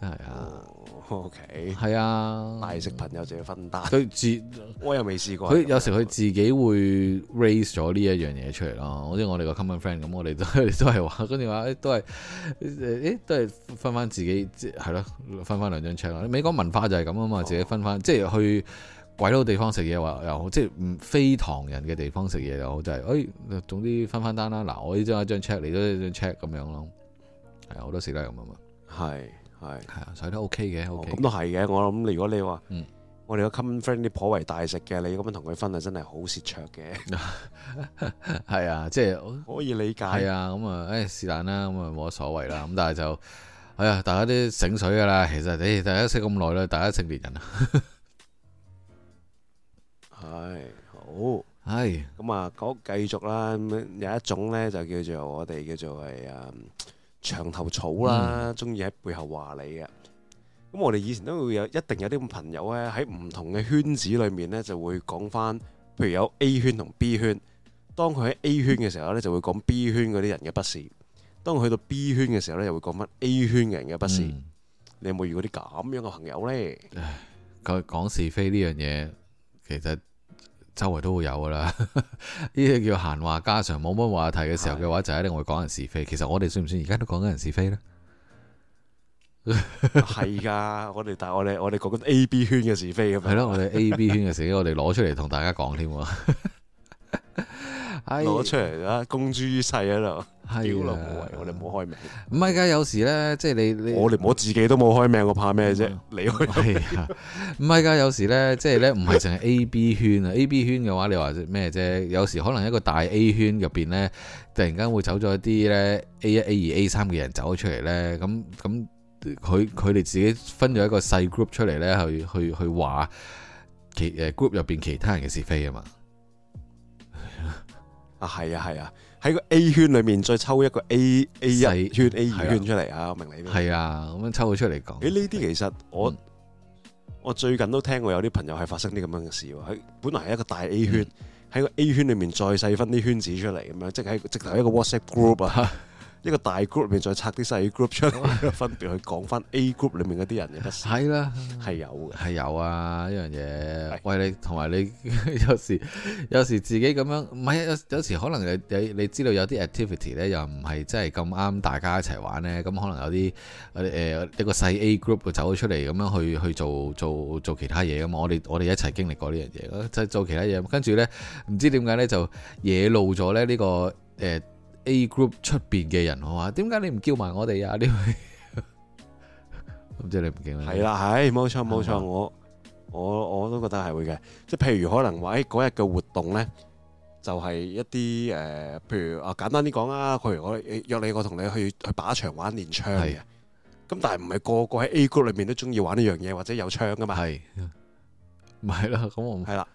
[SPEAKER 1] 係啊，OK，係啊，帶食朋友就要分擔，佢自我又未試過。佢有
[SPEAKER 2] 時佢自己會 raise 咗呢一樣嘢出嚟咯，好似我哋個 common friend 咁，我哋都都係話，跟住話都係誒，都係分翻自己，即係咯，分翻兩張 check 咯。美國文化就係咁啊嘛，自己分翻，即係去鬼佬地方食嘢話又好，即係非唐人嘅地方食嘢又好，就係誒，總之分翻單啦。嗱，我呢張一張 check，你嗰一張 check 咁樣咯，係我都食得咁啊，係。係
[SPEAKER 1] 係啊，所以都 OK 嘅，咁都係嘅。我諗如果你話，嗯、我哋個 common friend 啲頗為大食嘅，你咁樣同佢分啊，真係好蝕灼嘅。係、就、啊、是，即係可以理
[SPEAKER 2] 解。係啊，咁啊，誒、哎，但是但啦，咁啊，冇乜所謂啦。咁但係就，哎呀，大家都醒水噶啦。其實你大家識咁耐啦，大家成年人啊。
[SPEAKER 1] 係 (laughs) 好係，咁啊的，講繼續啦。咁有一種咧，就叫做我哋叫做係啊。嗯牆頭草啦，中意喺背後話你嘅。咁我哋以前都會有一定有啲朋友呢，喺唔同嘅圈子裏面呢就會講翻，譬如有 A 圈同 B 圈。當佢喺 A 圈嘅時候呢就會講 B 圈嗰啲人嘅不是；當佢去到 B 圈嘅時候呢又會講返 A 圈嘅人嘅不是。嗯、你有冇遇過啲咁樣嘅朋友呢？佢講是非呢樣嘢，其實。
[SPEAKER 2] 周圍都會有噶啦，呢 (laughs) 啲叫閒話家常，冇乜話題嘅時候嘅話，的就一定會講人是非。其實我哋算唔算而家都講緊人是非呢？
[SPEAKER 1] 係 (laughs) 噶，我哋但係我哋我哋講緊 A B 圈嘅是非咁樣。係 (laughs) 咯，我哋 A B 圈嘅事我哋攞出嚟同大家講添。 (laughs) 攞出嚟啦，公諸於世啊！度屌咯，我哋冇開名。唔係噶，有時咧，即係你你我連我自己都冇
[SPEAKER 2] 開名，我怕咩啫？的你開名。唔係噶，有時咧，即係咧，唔係淨係 A B 圈啊！A B 圈嘅話，你話咩啫？有時可能一個大 A 圈入邊咧，突然間會走咗一啲咧 A 一 A 二 A 三嘅人走咗出嚟咧，咁咁佢佢哋自己分咗一個細 group 出嚟咧，去去去話其誒 group 入邊其
[SPEAKER 1] 他人嘅是非啊嘛。啊，係啊，係啊，喺、啊、個 A 圈裏面再抽一個 A A 一圈、啊、A 二圈出嚟啊，我明你咩？係啊，咁樣抽到出嚟講。誒、欸，呢啲其實我、嗯、我最近都聽過有啲朋友係發生啲咁樣嘅事喎。佢本來係一個大 A 圈，喺、嗯、個 A 圈裏面再細分啲圈子出嚟，咁樣即係直頭一個 WhatsApp group 啊。 (laughs) 一個大 group 裏面再拆啲細 group 出嚟。 (laughs) 分別去講翻 A group 裏面嗰啲人嘅事。係啦，係有嘅，係有啊，呢樣嘢。是喂，你同埋你
[SPEAKER 2] 有時，有時自己咁樣，唔係有有時可能你你知道有啲 activity 咧，又唔係真係咁啱大家一齊玩咧，咁可能有啲誒、呃、一個細 A group 佢走咗出嚟，咁樣去去做做做其他嘢啊嘛。我哋我哋一齊經歷過呢樣嘢，即係做其他嘢。跟住咧，唔知點解咧就惹怒咗咧呢個誒。呃 A group 出邊嘅人，我話點解你唔叫埋我哋啊？呢位，咁即係你唔叫啦。係啦，係
[SPEAKER 1] 冇錯冇錯，我我我都覺得係會嘅。即係譬如可能話，誒嗰日嘅活動咧，就係一啲誒，譬如啊簡單啲講啊，譬如我約你，我同你去去靶場玩練槍啊。咁但係唔係個個喺 A group 裏面都中意玩呢樣嘢，或者有槍噶嘛？係，唔係啦，咁我唔係啦。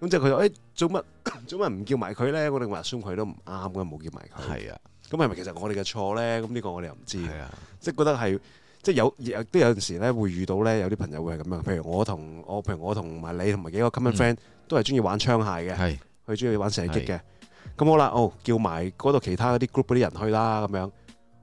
[SPEAKER 1] 咁即係佢話，誒，做乜做乜唔叫埋佢咧？我哋話酸佢都唔啱嘅，冇叫埋佢。係啊，咁係咪其實我哋嘅錯咧？咁呢個我哋又唔知。係啊，即係覺得係，即係有亦都有陣時咧會遇到咧，有啲朋友會係咁樣。譬如我同我，譬如我同埋你同埋幾個 common friend 都係中意玩槍械嘅，佢中意玩射擊嘅。咁好啦，哦，叫埋嗰度其他嗰啲 group 嗰啲人去啦，咁樣。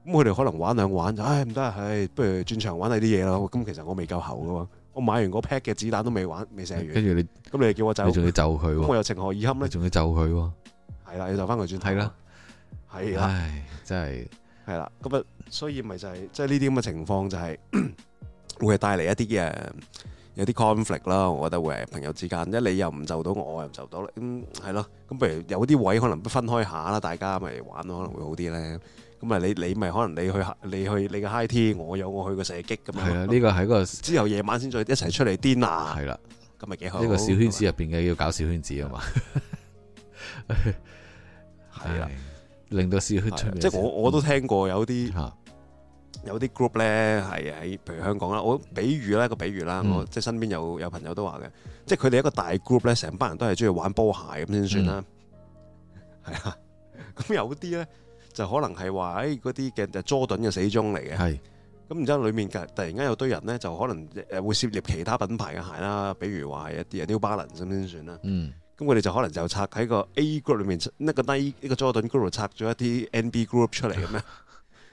[SPEAKER 1] 咁佢哋可能玩兩玩，唉唔得，唉，不，哎，不如轉場玩下啲嘢咯。咁其實我未夠喉嘅。嗯我買完個 pack 嘅子彈都未玩，未射完。跟住你，咁你叫我就，你仲要就佢。咁我又情何以堪咧？你仲要就佢喎？係啦，要就翻佢轉頭。係啦，係啦，真係係啦。咁啊，所以咪就係，即係呢啲咁嘅情況，就係會係帶嚟一啲嘅有啲 conflict 啦。我覺得會係朋友之間，即係你又唔就到，我又唔就到。咁係咯，咁譬如有啲位可能都分開下啦，大家咪玩可能會好啲咧。咁咪，你你咪可能你去你去你嘅 high tea，我有我去個射擊咁啊。係啊，呢個喺個之後夜晚先再一齊出嚟癲啊。係啦，咁咪幾好。呢個小圈子
[SPEAKER 2] 入邊嘅要搞
[SPEAKER 1] 小圈子啊嘛。
[SPEAKER 2] 係啊，啊令到小圈子、啊小啊、即係我我都聽
[SPEAKER 1] 過有啲，嗯、有啲 group 咧係喺，譬如香港啦，我比喻啦個比喻啦，我即係身邊有有朋友都話嘅，嗯、即係佢哋一個大 group 咧，成班人都係中意玩波鞋咁先算啦、嗯。係啊，咁有啲咧。就可能係話喺嗰啲嘅就 Jordan 嘅死忠嚟嘅，咁然之後裏面突然間有堆人咧，就可能誒會涉獵其他品牌嘅鞋啦，比如話一啲 New Balance 咁先算啦。咁佢哋就可能就拆喺個 A group 裏面，一個 Nike 一個 Jordan group 拆咗一啲 NB group 出嚟咁樣。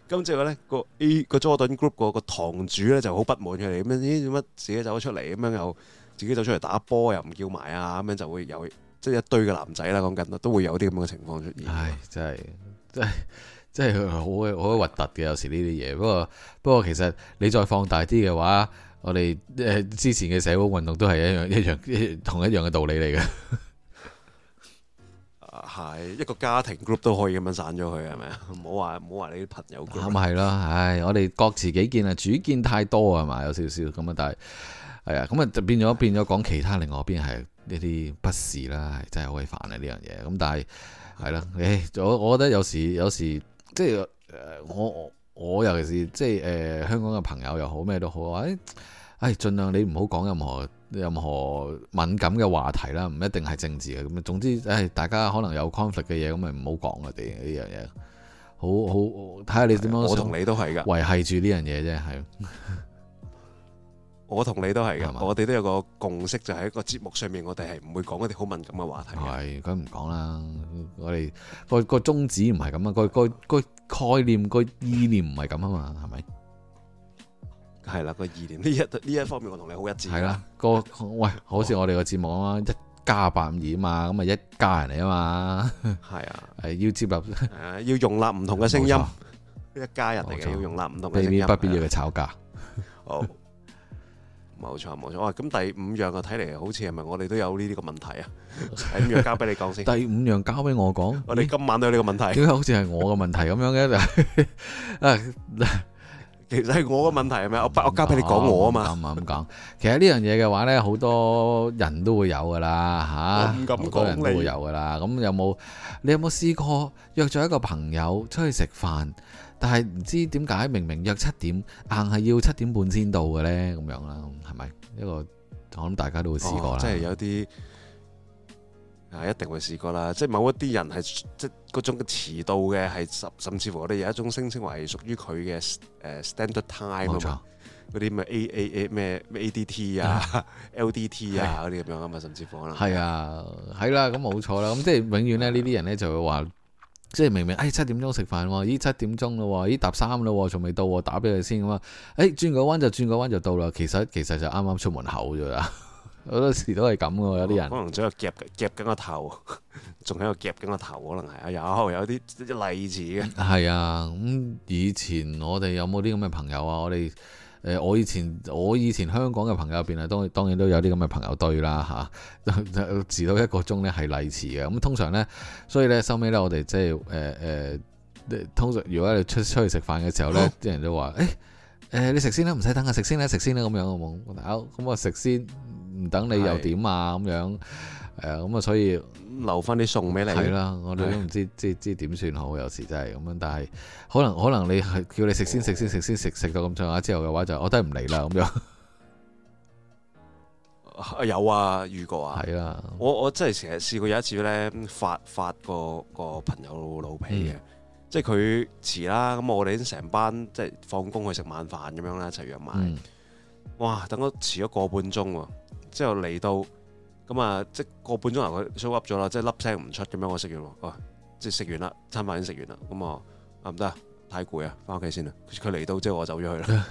[SPEAKER 1] 咁之後咧個 A 個 Jordan group 個個堂主咧就好不滿佢哋，咁樣咦點乜自己走咗出嚟，咁樣又自己走出嚟打波又唔叫埋啊，咁樣就會有即係一堆嘅男仔啦，講緊都會有啲咁嘅情況出現。唉，哎，真係。
[SPEAKER 2] 即係即係好好核突嘅，有時呢啲嘢，不過不過其實你再放大啲嘅話，我哋誒之前嘅社會運動都係一樣一樣，一樣同一樣嘅道理嚟嘅。
[SPEAKER 1] 啊，係一個家庭 group 都可以咁樣散咗去，係咪啊？唔好話唔好話你啲朋友 group。咪係咯，唉，我哋各持己見啊，主見太多係嘛，
[SPEAKER 2] 有少少咁啊。但係係啊，咁啊就變咗變咗講其他另外邊係呢啲不是啦，真係好鬼煩啊呢樣嘢。咁但係。係啦，誒，我我覺得有時有時即係誒，我我尤其是即係誒、呃，香港嘅朋友又好咩都好，誒、哎、誒，盡、哎、量你唔好講任何任何敏感嘅話題啦，唔一定係政治嘅，咁總之誒、哎，大家可能有 conflict 嘅嘢，咁咪唔好講啊，啲呢樣嘢，好好睇下你點樣，我同你都係㗎維繫住呢樣嘢啫，係。
[SPEAKER 1] 我同你都係噶嘛，我哋都有個共識，就喺一個節目上面，我哋係唔會講嗰啲好敏感嘅話題。係，
[SPEAKER 2] 佢唔講啦。我哋個個宗旨唔係咁啊，個個個概念、個意念唔係咁啊嘛，係咪？係啦，個意
[SPEAKER 1] 念呢一呢一方面，我同你好一致。係啦，
[SPEAKER 2] 個喂，好似我哋個節目啊，一家852嘛，咁啊一家人嚟啊嘛。係啊，係要接入，係啊，要容納唔同嘅聲音。
[SPEAKER 1] 一家人嚟嘅要容納唔同嘅聲音。避免不
[SPEAKER 2] 必要嘅吵架。好。
[SPEAKER 1] 冇錯冇錯，哇！咁第五樣嘅睇嚟，好似係咪我哋都有呢啲個問題啊？第五樣交俾你講先。第
[SPEAKER 2] 五樣交俾我講，我哋今晚都有呢個問題。點解好似係我嘅問題咁樣嘅？誒，其實係我個問題係咪啊？我我交俾你講我啊嘛。咁啊咁講，其實呢樣嘢嘅話咧，好多人都會有噶啦，吓。咁講人都會有噶啦。咁有冇？你有冇試過約咗一個朋友出去食飯？但係唔知點解明明約七點，硬係要七點半先到嘅咧咁樣啦，係咪？呢個我諗大家都會試過啦，哦。即係有
[SPEAKER 1] 啲啊，一定會試過啦。即係某一啲人係即係嗰種遲到嘅係甚甚至乎我哋有一種聲稱為屬於佢嘅 standard time 啊嘛，冇錯。嗰啲咩 A A A 咩 A D T 啊、L D T 啊嗰啲咁樣啊嘛，甚至乎啦。係啊，
[SPEAKER 2] 係啦，咁冇錯啦。咁 (laughs) 即係永遠咧呢
[SPEAKER 1] 啲人咧就會話。
[SPEAKER 2] 即係明明，哎七點鐘食飯喎，咦七點鐘啦喎，咦搭三啦喎，仲未到喎，打俾佢先咁啊！哎轉個彎就轉個彎就到啦，其實其實就啱啱出門口咋啦，好多時都係咁嘅，有啲人可
[SPEAKER 1] 能仲有夾夾緊個頭，仲喺度夾緊個頭，可能係啊有有啲例子嘅。
[SPEAKER 2] 係啊，咁、啊嗯、以前我哋有冇啲咁嘅朋友啊？我哋。誒我以前我以前香港嘅朋友入邊啊，當當然都有啲咁嘅朋友堆啦嚇，遲、啊、到一個鐘呢係例遲嘅。咁、嗯、通常呢，所以呢，收尾呢，我哋即係誒誒，通常如果你出出去食飯嘅時候呢，啲好人都話誒誒你食先啦，唔使等啊，食先啦，食先啦咁樣嘅冇。好，咁、嗯、我食先，唔等你又點啊咁樣。誒咁啊，所以留翻啲餸俾你啦，我哋都唔知即係即係點算好，有時真係咁樣。但係可能可能你係叫你食先食先食先食食到咁上下之後嘅話，就我都係唔嚟啦咁
[SPEAKER 1] 樣。有啊，遇過啊，係啦。我我真係成日試過有一次咧，發發個個朋友老脾嘅，即係佢遲啦。咁我哋已經成班即係放工去食晚飯咁樣啦，一齊約埋。哇！等我遲咗個半鐘喎，之後嚟到。咁啊、嗯，即個半鐘頭佢 show up 咗啦，即係粒聲唔出咁樣，我食完喎、哦，即係食完啦，餐飯已經食完啦，咁、嗯嗯、啊，啊唔得，太攰啊，翻屋企先啦。佢嚟到即係我走咗去啦。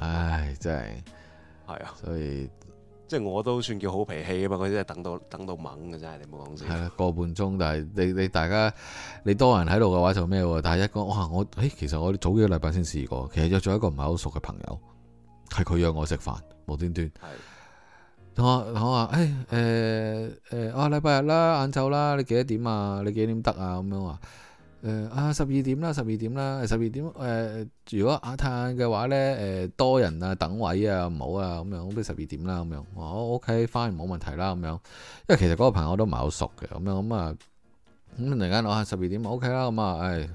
[SPEAKER 1] 唉，真係，係啊，所以即係我都算叫好脾氣啊嘛，嗰啲係等到等到猛嘅真係，你冇講笑。係
[SPEAKER 2] 啦、啊，個半鐘，但係你你大家你多人喺度嘅話就咩喎？但係一個哇，我誒、欸、其實我早幾個禮拜先試過，其實約咗一個唔係好熟嘅朋友，係佢約我食飯，無端端，端。我我話，誒誒誒啊，禮拜日啦，晏晝啦，你幾多點啊？你幾點得啊？咁樣話，誒啊，十二點啦，十二點啦，十二點，誒，如果阿嘆嘅話咧，誒，多人啊，等位啊，唔好啊，咁樣不如十二點啦。咁、呃呃啊啊啊、樣我樣、哦、ok fine 冇問題啦，咁樣因為其實嗰個朋友都唔係好熟嘅，咁樣咁啊，咁突然間我話十二點 ok 啦，咁啊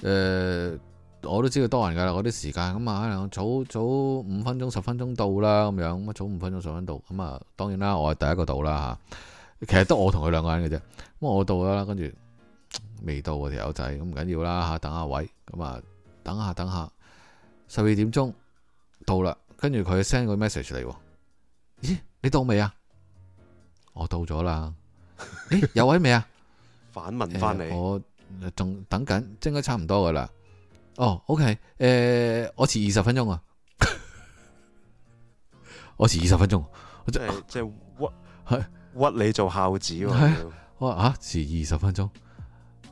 [SPEAKER 2] 誒誒。我都知道多人噶啦，嗰啲時間咁啊，可能早早五分鐘、十分鐘到啦，咁樣咁啊，早五分鐘、十分到咁啊、嗯嗯。當然啦，我係第一個到啦嚇、啊。其實得我同佢兩個人嘅啫，咁、嗯、我到啦，跟住未到喎條友仔，咁唔緊要啦嚇，等下位咁啊，等下等下十二點鐘到啦，跟住佢 send 個 message 嚟，咦，你到未啊？我到咗啦，誒有位未啊、 (laughs) 呃？反問翻你，我仲等緊，應該差唔多噶啦。哦、oh，OK，誒、eh, (laughs) 我遲二十分鐘啊，我遲二十分鐘，即
[SPEAKER 1] 係即係屈屈你
[SPEAKER 2] 做孝子，我話吓遲二十分鐘，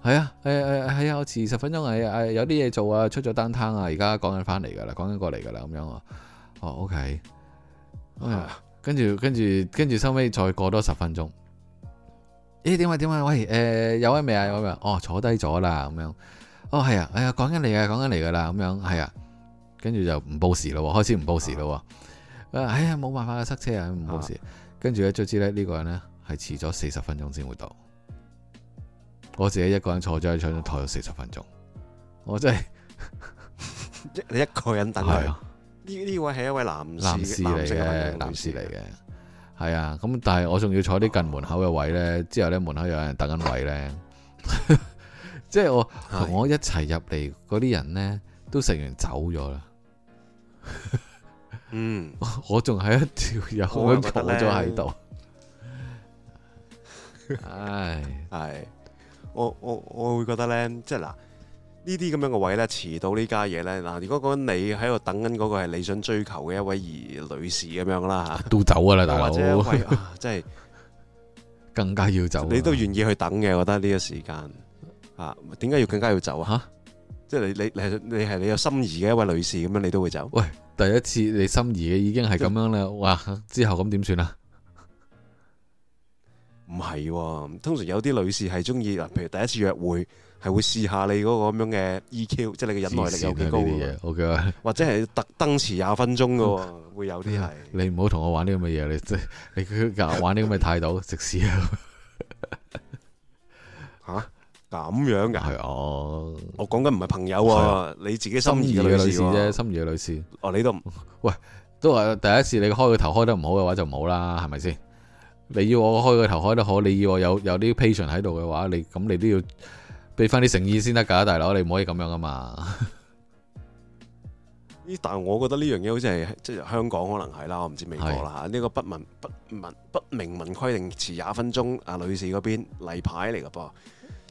[SPEAKER 2] 係啊，誒誒係啊，我遲二十分鐘，係啊誒，有啲嘢做啊，出咗單攤啊，而家講緊翻嚟噶啦，講緊過嚟噶啦，咁樣啊，哦 OK，跟住跟住跟住收尾再過多十分鐘，咦，點啊點啊，喂，誒，有位未啊有位，哦，坐低咗啦，咁樣。哦，係啊，哎呀，講緊嚟噶，講緊嚟噶啦，咁樣，係啊，跟住就唔報時咯，開始唔報時咯，誒、啊，哎呀，冇辦法啊，塞車啊，唔報時，跟住咧，卒之咧，呢個人咧係遲咗四十分鐘先會到。我自己一個人坐咗喺度坐咗台咗四
[SPEAKER 1] 十分鐘，我真係，你一個人等佢，呢呢位係一位男士，男士嚟嘅，男士嚟嘅，
[SPEAKER 2] 係啊，咁但係我仲要坐啲近門口嘅位咧，之後咧門口有人等緊位咧。 (laughs) 即係我同我一齊入嚟嗰啲人呢，都食完走咗啦。 (laughs)
[SPEAKER 1] 嗯，
[SPEAKER 2] 我仲係一條友咁坐咗喺度。
[SPEAKER 1] 唉， (laughs) 係我我我會覺得呢，即係嗱呢啲咁樣嘅位呢，遲到呢家嘢呢。嗱。如果講你喺度等緊嗰個係你想追求嘅一位而女士咁樣啦，都走噶啦，大佬，啊，即係更加要走。你都願意去等嘅，我覺得呢個時間。啊，點解要更加要走啊？吓、啊，即係你你你係你係你有心儀嘅一位女士咁樣，你都會走？喂，第一次你心儀嘅已經係咁樣咧，哇！之後咁點算啊？唔係、啊，通常有啲女士係中意譬如第一次約會係會試下你嗰個咁樣嘅 EQ、嗯、即係你嘅忍耐力有幾高嘅。嘢，okay. 或者係特登遲廿分鐘嘅，嗯、會有啲係、哎。你唔好同我玩呢咁嘅嘢， (laughs) 你即係你佢夾玩呢咁嘅態度直屎 (laughs) 啊！吓？咁樣噶係啊！我講緊唔係朋友啊，啊你自己心儀嘅女士啫，心儀嘅女士，啊。哦，你都唔，
[SPEAKER 2] 喂都話，第一次，你開個頭開得唔好嘅話就唔好啦，係咪先？你要我開個頭開得好，你要我有有啲 patience 喺度嘅話，你咁你都要俾翻啲誠意先得噶，大佬，你唔可以咁樣噶嘛。
[SPEAKER 1] 咦， (laughs) 但係我覺得呢樣嘢好似係即係香港可能係啦，我唔知美國啦呢的個不文不文不，不明文規定，遲廿分鐘，阿女士嗰邊例牌嚟噶噃。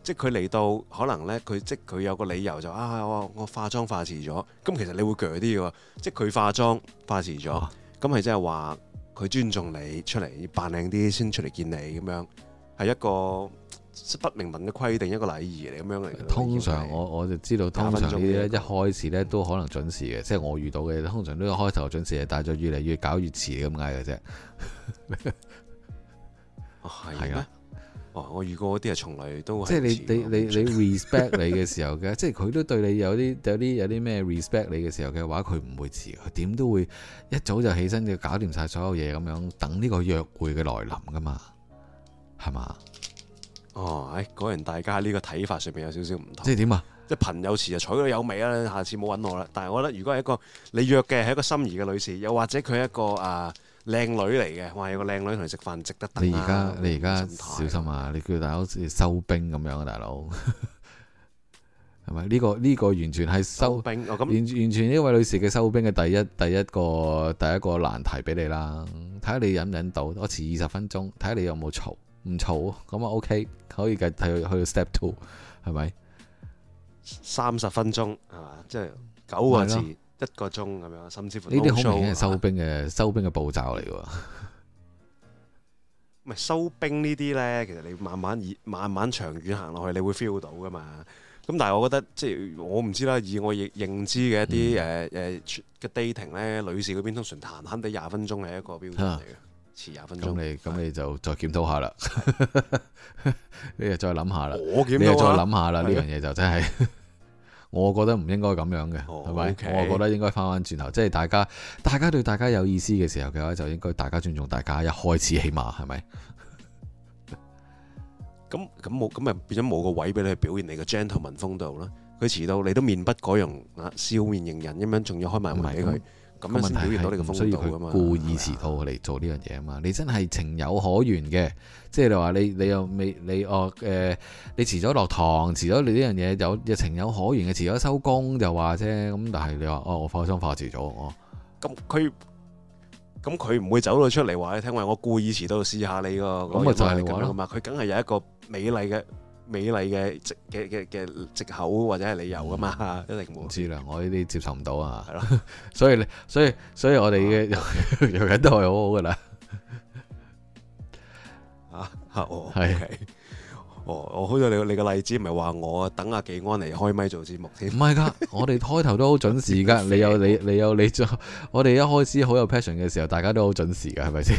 [SPEAKER 1] 即佢嚟到可能呢，佢即佢有個理由就、啊，我化妝化遲咗，咁其實你會鋸啲喎。即佢化妝化遲咗，咁係、啊、即係話佢尊重你出嚟扮靚啲先出嚟見你咁樣，係一個不明文嘅規定，一個禮儀嚟咁樣。通
[SPEAKER 2] 常我我就知道，通常啲咧一開始呢都可能準時嘅，嗯、即係我遇到嘅通常都一開頭準時嘅，但就越嚟越搞越遲咁解嘅啫。
[SPEAKER 1] 係 (laughs) 啊。哦，我遇過嗰啲係從來都係即係你你你，你 respect 你嘅
[SPEAKER 2] 時候嘅， (laughs) 即係佢都對你有啲有啲有啲咩 respect 你嘅時候嘅話，佢唔會遲，佢點都會一早就起身要搞掂晒所有嘢咁樣，等呢個約會嘅來臨噶嘛，
[SPEAKER 1] 係嘛？哦，係、哎、果然大家喺呢個睇法上面有少少唔同。即係點啊？即係朋友遲就彩到有味啦，下次冇揾我啦。但係我覺得如果係一個你約嘅係一個心儀嘅女士，又或者佢係一個啊。靚女嚟嘅，哇！有個靚女同你食飯，值得等、啊、你而家
[SPEAKER 2] 你而家小心啊！你叫大佬似收兵咁樣啊，大佬係咪？呢、 (laughs) 呢個呢、呢個完全係收，收兵，完、哦、完全呢位女士嘅收兵嘅第一第一個第一個難題俾你啦。睇下你忍唔忍到，我遲二十分鐘，睇下你有冇嘈，唔嘈咁啊 OK，可以繼續去去到 step two，係咪？
[SPEAKER 1] 三十分鐘係嘛，即係九個字。就是一個鐘咁樣，甚至乎呢啲好明顯係
[SPEAKER 2] 收兵嘅收兵嘅步驟嚟嘅，
[SPEAKER 1] 唔係收兵呢啲咧，其實你慢慢而慢慢長遠行落去，你會 feel 到噶嘛。咁但係我覺得即係我唔知啦，以我亦認知嘅一啲誒誒嘅 dating 咧，女士嗰邊通常閒閒地廿分鐘係一個標準嚟嘅，遲廿分鐘，
[SPEAKER 2] 咁你咁你就再檢討下啦，你又再諗下啦，你再諗下啦，呢樣嘢就真係。我覺得唔應該咁樣嘅，係咪？我覺得應該翻返轉頭，即係大家，大家對大家有意思嘅時候嘅話，就應該大家尊重大家。一開始起碼係咪？
[SPEAKER 1] 咁咁冇咁咪變咗冇個位俾你去表現你嘅 gentleman 風度啦。佢遲到，你都面不改容啊，笑面迎人咁樣，仲要開埋懷佢。嗯咁樣表現到你個風度，係唔需要佢故
[SPEAKER 2] 意遲到嚟做呢樣嘢啊嘛！是的 你真係情有可原嘅，即係你話你你又未你哦誒，呃，你遲咗落堂，遲咗你呢樣嘢有情有可原嘅，遲咗收工就話啫。咁但係你話哦，我化妝化遲咗我，
[SPEAKER 1] 咁佢咁佢唔會走到出嚟話你聽話我故意遲到試下你㗎。咁咪就係你講啊嘛！佢梗係有一個美麗嘅。美麗嘅藉嘅嘅嘅藉口或者係理由㗎嘛，嗯、一定會唔知啦，我呢啲接受唔到啊，係咯的，所以你所以所以我哋嘅友人都係好好㗎喇，啊，係，哦，我的、哦、好似你你個例子唔係話我等阿紀安嚟開咪做節目，唔係㗎，我哋開
[SPEAKER 2] 頭都好準時㗎， (laughs) 你有你
[SPEAKER 1] 你有你我
[SPEAKER 2] 哋一開始好有 passion 嘅時候，大家都好準時㗎，係咪先？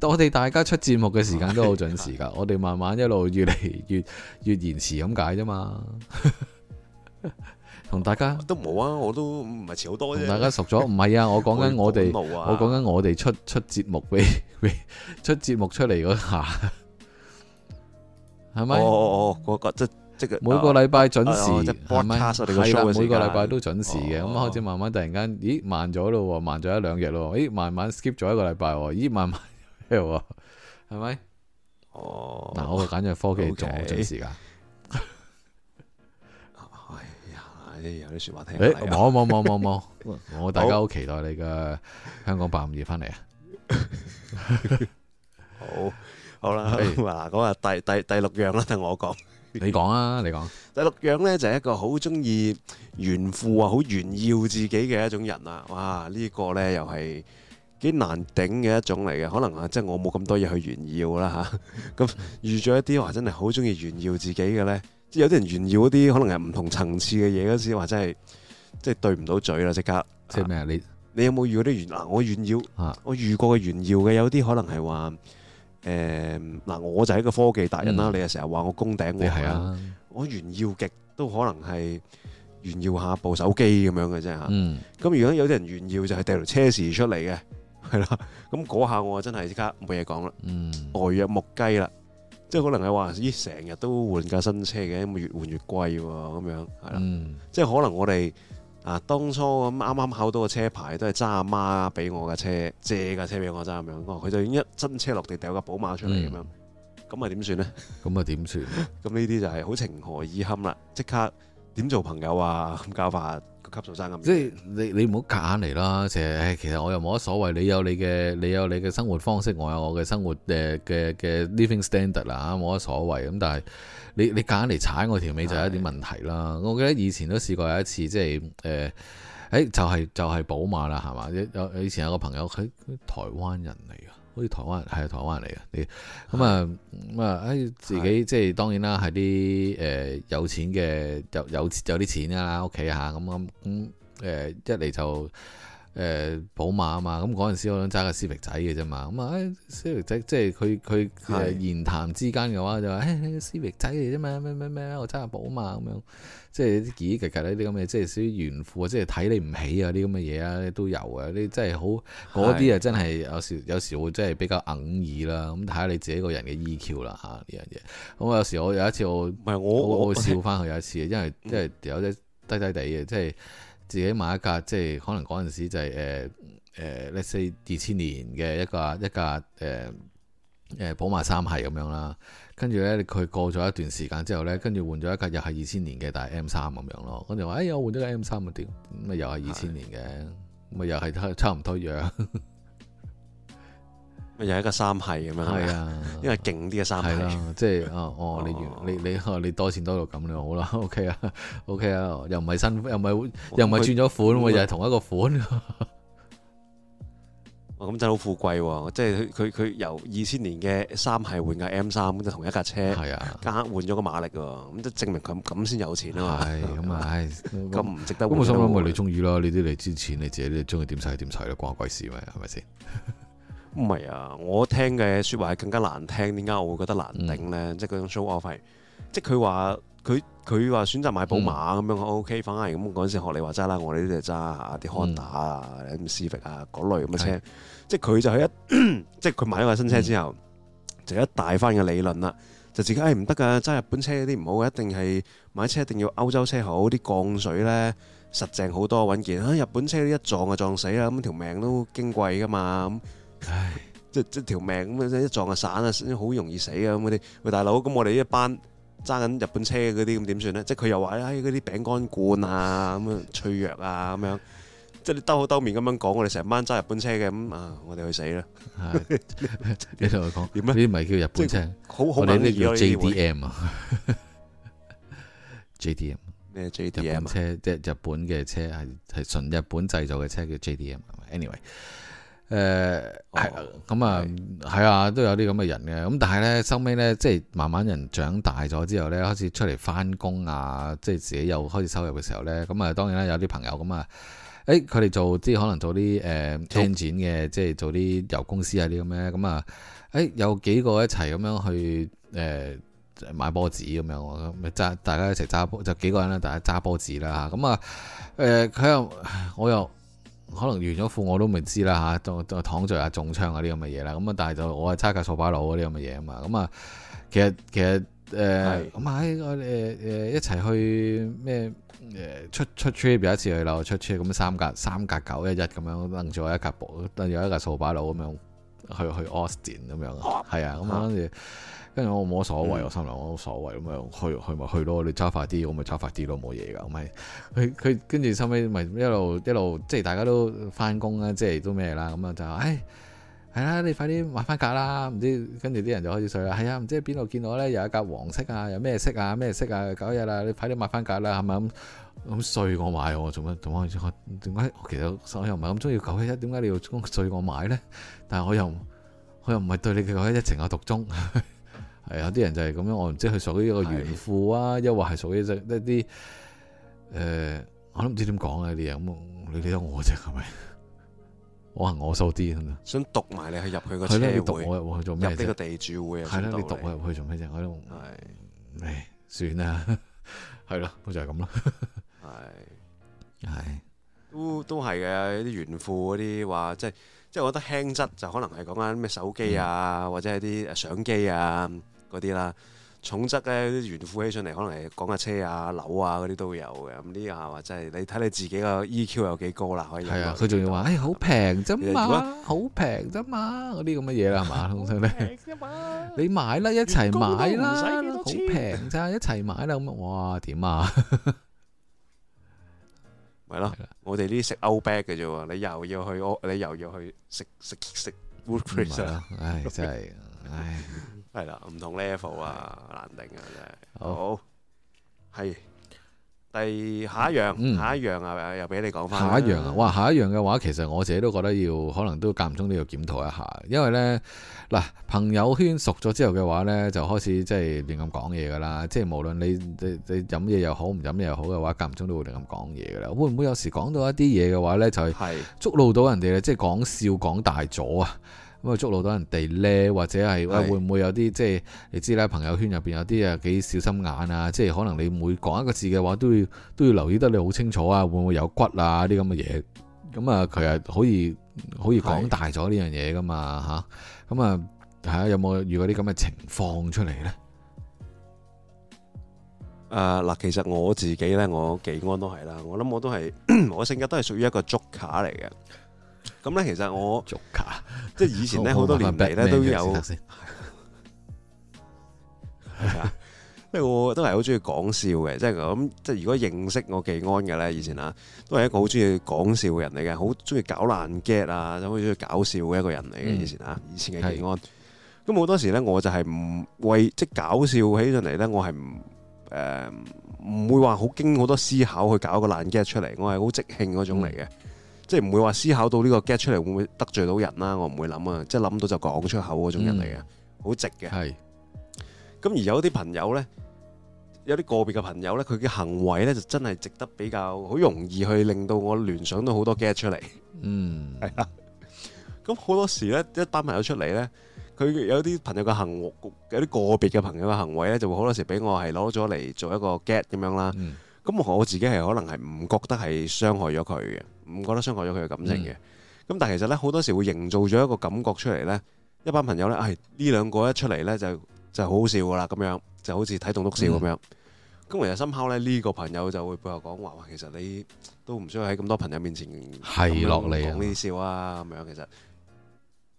[SPEAKER 2] 我哋大家出節目嘅時間都好準時噶，我哋慢慢一路越嚟越越延遲咁解啫嘛。同大家
[SPEAKER 1] 都冇啊，我都唔係遲好多。同大家
[SPEAKER 2] 熟咗，唔係啊，我講緊我哋，我講緊我哋出出節目俾出節目出嚟嗰下，係咪？哦哦
[SPEAKER 1] 哦，嗰個即係每個禮拜準時，係咪？每個禮拜都
[SPEAKER 2] 準時嘅，咁開始慢慢突然間，咦慢咗咯，慢咗一兩日咯，咦慢慢 skip 咗一個禮拜，咦慢慢。係咪？哦 (laughs) 吧，嗱，我揀咗科技做一段時
[SPEAKER 1] 間。哎呀，有啲說話聽。冇冇冇冇冇，我 (laughs) 大家好期待你嘅香講八五二翻嚟啊！好好啦，嗱 Hey,，講下第第第六樣啦，等我講。你講啊，你講。第六樣咧就係、是、一個好中意炫富啊，好炫耀自己嘅一種人啊！哇，這個、呢個咧又係。幾難頂嘅一種嚟嘅，可能啊，即係我冇咁多嘢去炫耀啦吓。咁遇咗一啲話真係好中意炫耀自己嘅呢。即係有啲人炫耀嗰啲可能係唔同層次嘅嘢嗰時，話真係即係對唔到嘴啦，即刻。即係咩？你有冇遇過啲原我炫耀？我遇過嘅炫耀嘅有啲可能係話，誒嗱，我就係一個科技達人啦。你啊成日話我工頂我我炫耀極都可能係炫耀下部手機咁樣嘅啫吓。咁如果有啲人炫耀就係掉條車匙出嚟嘅。係啦，咁嗰下我真係即刻冇嘢講啦，呆、嗯呃、若木雞啦，即係可能係話咦成日都換架新車嘅，咁越換越貴喎，咁樣係啦，嗯、即係可能我哋啊當初咁啱啱考到個車牌，都係揸阿媽俾我架車，借架車俾我揸咁樣，佢就一真車落地掉架寶馬出嚟咁、嗯、樣，咁咪點算呢？咁咪點算？咁呢啲就係好情何以堪啦！即刻點做朋友啊？咁搞法？吸收生咁，即係你你唔好夾硬嚟啦！其
[SPEAKER 2] 實誒、哎，其實我又冇乜所謂，你有你嘅，你有你嘅生活方式，我有我嘅生活誒嘅嘅 living standard 啦、啊，冇乜所謂，咁但係你你夾硬嚟踩我條尾就係一啲問題啦。的我記得以前都試過有一次，即係誒誒就係、是、就係、是、寶馬啦，係嘛？有有以前有個朋友佢台灣人嚟。好似台灣人係台灣人嚟嘅，咁啊咁啊，誒自己的即係當然啦，係啲誒有錢嘅有有有啲錢啊，屋企嚇，咁咁咁誒一嚟就。誒、呃、寶馬啊嘛，咁嗰陣時我想揸架思域仔嘅啫嘛，咁、哎、啊，思域仔即係佢佢言談之間嘅話就話誒思域仔嚟啫嘛，咩咩咩，我揸下寶馬啊嘛，咁樣即係啲嘻嘻㗎呢啲咁嘅，即係少啲炫富啊，即係睇你唔起啊啲咁嘅嘢啊都有啊，你真係好嗰啲啊真係有時的有時會真係比較硬耳啦，咁睇下你自己個人嘅 EQ 啦嚇呢樣嘢。咁啊、嗯、有時我有一次我唔係我我，我，我笑翻佢有一次，因為因為有啲低低地嘅即係。自己買一架，即係可能嗰陣時就係、是、誒誒、呃呃、let's say 二千年嘅一架，一架誒誒、呃呃、寶馬三系咁樣啦。跟住咧，佢過咗一段時間之後咧，跟住換咗一架又係二千年嘅但係 M 三咁樣咯。跟住話：哎呀，我換咗架 M 三，點咁啊？又係二千年嘅，咪又係差唔多樣。
[SPEAKER 1] 又係一個三係
[SPEAKER 2] 咁樣，係啊，因為勁啲嘅三係，即係哦哦，你你你你多錢多到咁樣，好啦，OK 啊，OK 啊，
[SPEAKER 1] 又唔係新，又唔係，又唔係轉咗款，又係同一個款。哇，咁真係好富貴喎！即係佢佢佢由二千年嘅三係換架 M 三，即同一架車，係啊，加換咗個馬力喎，咁即係證明佢咁咁先有錢啊嘛。係咁啊，咁唔值得。咁我心諗，
[SPEAKER 2] 你中意啦，呢啲你啲錢，你自己，你中意點使點
[SPEAKER 1] 使啦。關我鬼事咩？係咪先？唔係啊，我聽嘅說話係更加難聽。點解我會覺得難頂呢？即係嗰種 show off，即係佢話佢佢話選擇買寶馬咁樣，我 OK。反而咁嗰陣時學你話齋啦，我哋都係揸啲 Honda 啊、M C 啊嗰類咁嘅車。即係佢就係一即係佢買咗架新車之後，就一大番嘅理論啦。就自己，誒，唔得噶，揸日本車啲唔好，一定係買車一定要歐洲車好啲，降水呢，實淨好多穩陣。日本車一撞就撞死啦，咁條命都矜貴噶嘛。唉，即即條命咁樣一撞啊散啊，好容易死啊咁啲喂，大佬咁我哋一班揸緊日本車嗰啲咁點算咧？即佢又話唉嗰啲餅乾罐啊咁脆弱啊咁樣，即你兜口兜面咁樣講，我哋成班揸日本車嘅咁、啊、我哋去死啦！的 (laughs)
[SPEAKER 2] 你同佢
[SPEAKER 1] 講，呢啲唔係叫日
[SPEAKER 2] 本車，好、就是，哋呢、啊、叫 JDM 啊 (laughs) ，JDM 咩 JDM 日本車即日本嘅車係係純日本製造嘅車叫 JDM，anyway。誒係咁啊，係啊的，都有啲咁嘅人嘅。咁但係咧，收尾咧，即係慢慢人長大咗之後咧，開始出嚟返工啊，即係自己又開始收入嘅時候咧，咁啊，當然啦，有啲朋友咁啊，誒、欸，佢哋做即係可能做啲誒掟錢嘅，即係做啲油公司啊啲咁嘅，咁啊，誒、嗯欸，有幾個一齊咁樣去誒、呃、買波子咁樣、啊，咁揸大家一齊揸波，就幾個人啦，大家揸波子啦嚇。咁啊，誒、呃，佢又我又。我又可能完咗庫我都未知啦嚇，就、啊、都躺住啊中槍啊呢咁嘅嘢啦，咁啊，但係就我係揸架掃把佬嗰啲咁嘅嘢啊嘛，咁啊其實其實咁我咪我哋誒一齊去咩誒、呃、出出 trip 有一次去樓，出 trip 咁三格三格九一日咁樣，拎住我一架薄，得有一架掃把佬咁樣去去 Austin 咁樣，係啊，咁啊跟住。我冇乜所謂，嗯、我心諗我冇所謂，咁樣去去咪去咯，你揸快啲，我咪揸快啲咯，冇嘢噶。咁咪佢佢跟住收尾咪一路一路即係大家都翻工啊，即係都咩啦，咁啊就誒係啦，你快啲買翻架啦，唔知跟住啲人就開始睡啦，係、哎、啊，唔知喺邊度見到咧，又一架黃色啊，又咩色啊，咩色啊，九一啦，你快啲買翻架啦，係咪咁咁衰我買我做乜？點解點解？我其實我又唔係咁中意九一一，點解你要睡我買咧？但係我又我又唔係對你嘅九一情有、啊、獨鍾。係有啲人就係咁樣，我唔知佢屬於一個元富啊，又或係屬於一啲誒，我都唔知點講啊啲嘢。咁你理得我啫，係咪？我係我受啲啊嘛。想讀埋你去入佢個。佢咧，你讀我入，我去做咩？入呢個地主會啊？係咧，你讀我入去做咩啫？我都係。唉，算啦，係咯，就係咁啦。係
[SPEAKER 1] 係都都係嘅，啲元富嗰啲話，即係即係，我覺得輕質就可能係講緊咩手機啊，或者係啲誒相機啊。嗰啲啦，重質咧，炫富起上嚟，可能係講下車啊、樓啊嗰啲都有嘅。咁呢下或真係你睇你自己嘅 EQ 有幾高啦，可以。係啊，佢仲要
[SPEAKER 2] 話，誒好平啫嘛，好平啫嘛，嗰啲咁嘅嘢啦，係嘛？咁樣你買啦，一齊買啦，好平咋，一齊買啦，
[SPEAKER 1] 咁啊，哇點啊？咪咯，我哋呢啲食歐巴嘅啫喎，你又要去，你又要去食食食，唉，真係，唉。係啦，唔同 level 啊，難定啊，真係。好，係第下一樣，嗯、下一樣係咪？又俾你講翻。下一樣啊，哇，
[SPEAKER 2] 下一樣嘅話，其實我自己都覺得要，可能都間唔中都要檢討一下，因為咧嗱，朋友圈熟咗之後嘅話咧，就開始即係亂咁講嘢噶啦，即係無論你你飲嘢又好，唔飲嘢又好嘅話，間唔中都會亂咁講嘢噶啦。會唔會有時講到一啲嘢嘅話咧，就係觸怒到人哋即係講笑講大咗啊？咁啊，捉到人哋咧，或者係啊是，會唔會有啲即係你知啦？朋友圈入邊有啲啊幾小心眼啊，即係可能你每講一個字嘅話，都要都要留意得你好清楚啊，會唔會有骨啊啲咁嘅嘢？咁啊，佢、嗯、係可以可以講大咗呢樣嘢噶嘛嚇。咁是啊，睇下有冇遇過啲咁嘅情
[SPEAKER 1] 況出嚟呢？啊嗱、呃，其實我自己呢，我幾安都係啦。我諗我都係， (coughs) 我性格都係屬於一個捉卡嚟嘅。咁咧，其實我即係卡以前咧，好多年嚟咧都有。係啊，因為我都係好中意講笑嘅，即係咁。即係如果認識我技安嘅咧，以前啊，都係一個好中意講笑嘅人嚟嘅，好中意搞爛 get 啊，咁好中意搞笑嘅一個人嚟嘅。以前啊，以前嘅技安。咁好是的 多時咧，我就係唔為即係搞笑起上嚟咧，我係唔誒唔會話好經好多思考去搞一個爛 get 出嚟，我係好即興嗰種嚟嘅。嗯嗯即係唔會話思考到呢個 get 出嚟會唔會得罪到人啦，啊？我唔會諗啊，即係諗到就講出口嗰種人嚟嘅，好直嘅。係。咁而有啲朋友呢，有啲個別嘅朋友呢，佢嘅行為呢就真係值得比較，好容易去令到我聯想到好多 get 出嚟。嗯，係啊。咁好多時呢，一班朋友出嚟呢，佢有啲朋友嘅行，有啲個別嘅朋友嘅行為呢，就會好多時俾我係攞咗嚟做一個 get 咁樣啦。嗯咁我自己係可能係唔覺得係傷害咗佢嘅，唔覺得傷害咗佢嘅感情嘅。咁、嗯、但係其實咧好多時會營造咗一個感覺出嚟咧，一班朋友咧，唉、哎、呢兩個一出嚟咧就就好，就好好笑噶啦，咁樣就好似睇棟篤笑咁樣。咁其實 somehow 咧呢個朋友就會背後講話，其實你都唔需要喺咁多朋友面前咁落嚟講呢啲笑啊，咁樣其實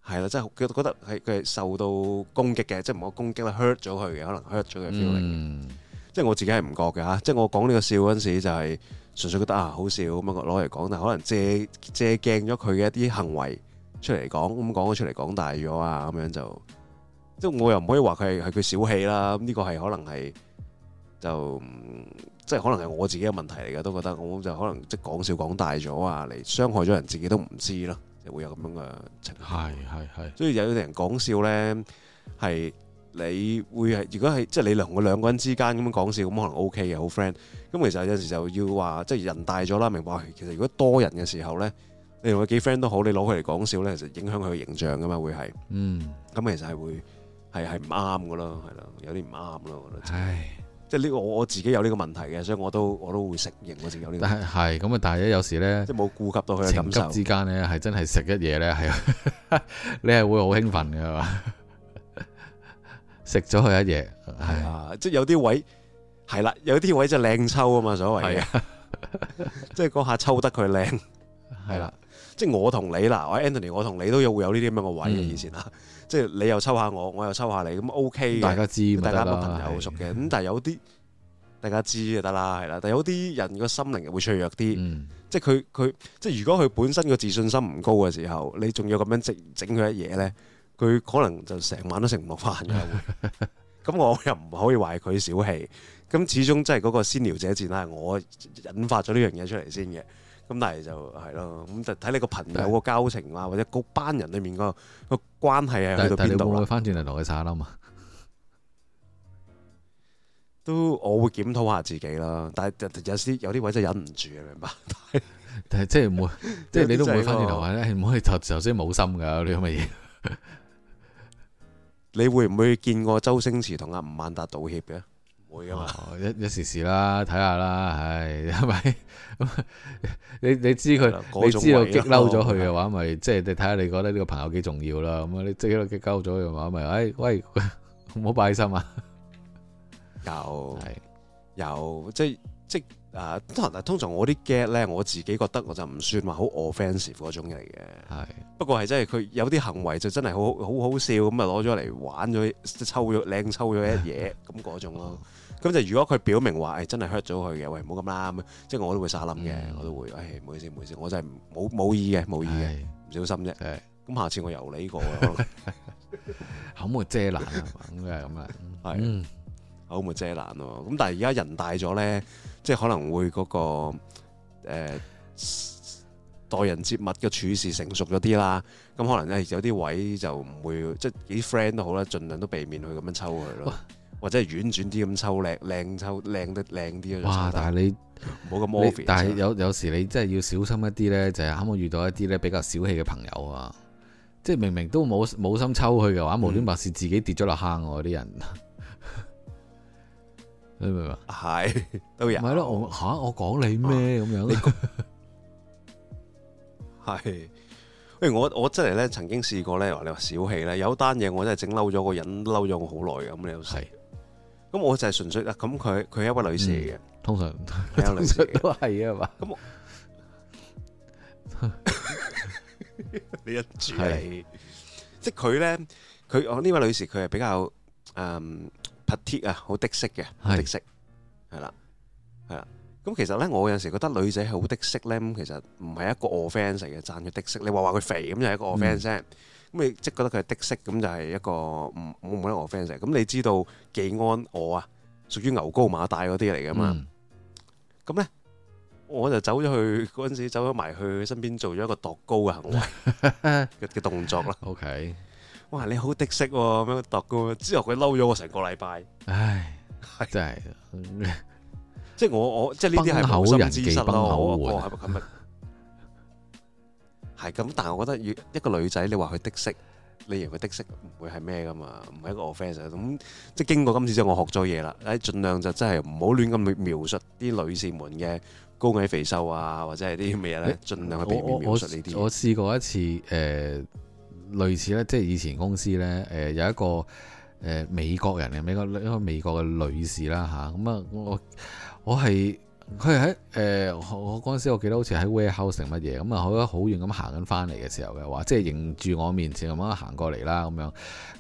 [SPEAKER 1] 係啦，即係佢覺得佢係受到攻擊嘅，即係唔好攻擊啦，hurt 咗佢嘅，可能 hurt 咗佢嘅 feel 嚟。嗯即係我自己係唔覺嘅嚇，即係我講呢個笑嗰陣時就係純粹覺得啊好笑咁樣攞嚟講，但可能借借鏡咗佢嘅一啲行為出嚟講，咁講咗出嚟講大咗啊咁樣就，即係我又唔可以話佢係佢小氣啦，呢個係可能係就即係可能係我自己嘅問題嚟嘅，都覺得我就可能即係講笑講大咗啊，嚟傷害咗人自己都唔知咯，會有咁樣嘅情況。係係係，所以有啲人講笑呢，係。你會係如果係即係你同佢兩個人之間咁樣講笑，咁可能 OK 嘅好 friend。咁其實有時就要話即係人大咗啦，明白？其實如果多人嘅時候咧，你同佢幾 friend 都好，你攞佢嚟講笑咧，其實影響佢形象噶嘛，會係。嗯。咁其實係會係係唔啱噶咯，係咯，有啲唔啱咯。我覺得，唉，即係呢個我我自己有呢個問題嘅，所以我都我都會承認我自己有呢個。但係
[SPEAKER 2] 係咁啊，但係咧有時咧，即係冇顧及到佢嘅感受之間咧，係真係
[SPEAKER 1] 食啲嘢咧係，你係會好興奮嘅係嘛？食咗佢一嘢，係啊，唉即係有啲位係啦、啊，有啲位就靚抽啊嘛，所謂嘅，即係嗰下抽得佢靚，係啦、嗯，即係我同你啦，我 Anthony，我同你都有會有呢啲咁樣嘅位嘅以前啦，即係你又抽下我，我又抽下你，咁 OK 大家知，啊、大家個朋友熟嘅，咁但係有啲大家知就得啦，係啦、啊，但係有啲人個心靈會脆弱啲、嗯，即係佢佢即係如果佢本身個自信心唔高嘅時候，你仲要咁樣整整佢一嘢呢。佢可能就成晚都食唔落飯嘅，咁 (laughs) 我又唔可以話佢小氣，咁始終真係嗰個先撩者戰啦，我引發咗呢樣嘢出嚟先嘅，咁但係就係咯，咁就睇你個朋友個交情啊，但或者嗰班人裏面個個關係係去到邊度啦翻轉嚟同佢啦嘛？耍耍都我會檢討下自己啦，但係有有啲位真係忍唔住，明白？ (laughs) 但
[SPEAKER 2] 係即係唔會，即係、 (laughs) 啊、你都唔會翻轉頭話，誒
[SPEAKER 1] 唔可以就頭先冇心噶呢啲乜嘢。 (laughs) 你會唔會見過周星馳同阿吳孟達道歉嘅？唔會啊嘛， (noise) 一一時時啦，睇下啦，
[SPEAKER 2] 唉，係咪？ (laughs) 你你知佢，你知道，你知道激嬲咗佢嘅話，咪即係你睇下，你覺得呢個朋友幾重要啦？咁啊，你即係激嬲咗嘅話，咪、就、誒、是哎，喂，
[SPEAKER 1] 唔好擺喺心啊！有係是有，即係即。啊，通常我啲 get 咧，我自己覺得我就唔算話好 offensive 嗰種嚟嘅，係不過係真係佢有啲行為就真係好好好笑咁啊，攞咗嚟玩咗，抽咗，靚抽咗一嘢咁嗰種咯。咁就如果佢表明話，真係 hurt 咗佢嘅，喂唔好咁啦，即係我都會沙林嘅，我都會，誒唔好意思唔好意思，我就係冇冇意嘅冇意嘅，唔小心啫。咁下次我由你過咯，好冇遮攔咁嘅係口冇遮攔喎！咁但係而家人大咗咧，即係可能會嗰個誒待人接物嘅處事成熟咗啲啦。咁可能咧有啲位就唔會即係幾 friend 都好啦，盡量都避免去咁樣抽佢咯，或者係婉轉啲咁抽靚靚抽靚得靚啲咯。哇！但係你
[SPEAKER 2] 冇咁，但係有有時你真係要小心一啲咧，就係啱好遇到一啲咧比較小氣嘅朋友啊！即係明明都冇冇心抽佢嘅話，無端白事自己跌咗落坑喎啲人。你明嘛？係，都係。咪咯，我吓我講你咩咁樣？係，
[SPEAKER 1] 誒，我我真係咧，曾經試過咧，話你話小氣咧，有單嘢我真係整嬲咗個人，嬲咗我好耐嘅咁嘅事。咁我就係純粹啊，咁佢佢係一位女士嘅，
[SPEAKER 2] 通常係女士
[SPEAKER 1] 都係啊嘛。你一住嚟，即係佢咧，佢我呢位女士佢係比較誒。貼貼啊，好的色嘅，的色係啦，係啦。咁其實咧，我有時覺得女仔係好的色咧，咁其實唔係一個 offend 嚟嘅，讚佢的色。你話話佢肥咁就係一個 offend，咁你即係覺得佢係的色，咁就係一個唔冇冇得 offend 嘅。咁你知道紀安我啊，屬於牛高馬大嗰啲嚟噶嘛？咁咧，我就走咗去嗰陣時，走咗埋去身邊做咗一個度高嘅行為嘅動作啦。OK。哇！你好的色咁，哦、樣讀噶，之後佢嬲咗我成個禮拜。唉，真係，即係我我即係呢啲係無心之失咯。我佢咪係咁，但係我覺得一個女仔，你話佢的色，你認為的色唔會係咩噶嘛？唔係一個 offensive。咁即係經過今次之後，我學咗嘢啦。誒，盡量就真係唔好亂咁描描述啲女士們嘅高矮肥瘦啊，或者係啲咩嘢咧，盡量去避免描述呢啲。我
[SPEAKER 2] 試過一次誒。呃類似咧，即係以前公司咧，誒、呃、有一個誒、呃、美國人嘅美國一個美國嘅女士啦嚇，咁啊、嗯、我我係。佢喺誒我嗰陣時，我記得好似喺 Warehouse 食乜嘢咁啊，好啊好遠咁行緊翻嚟嘅時候嘅話，即係迎住我面前咁樣行過嚟啦咁樣。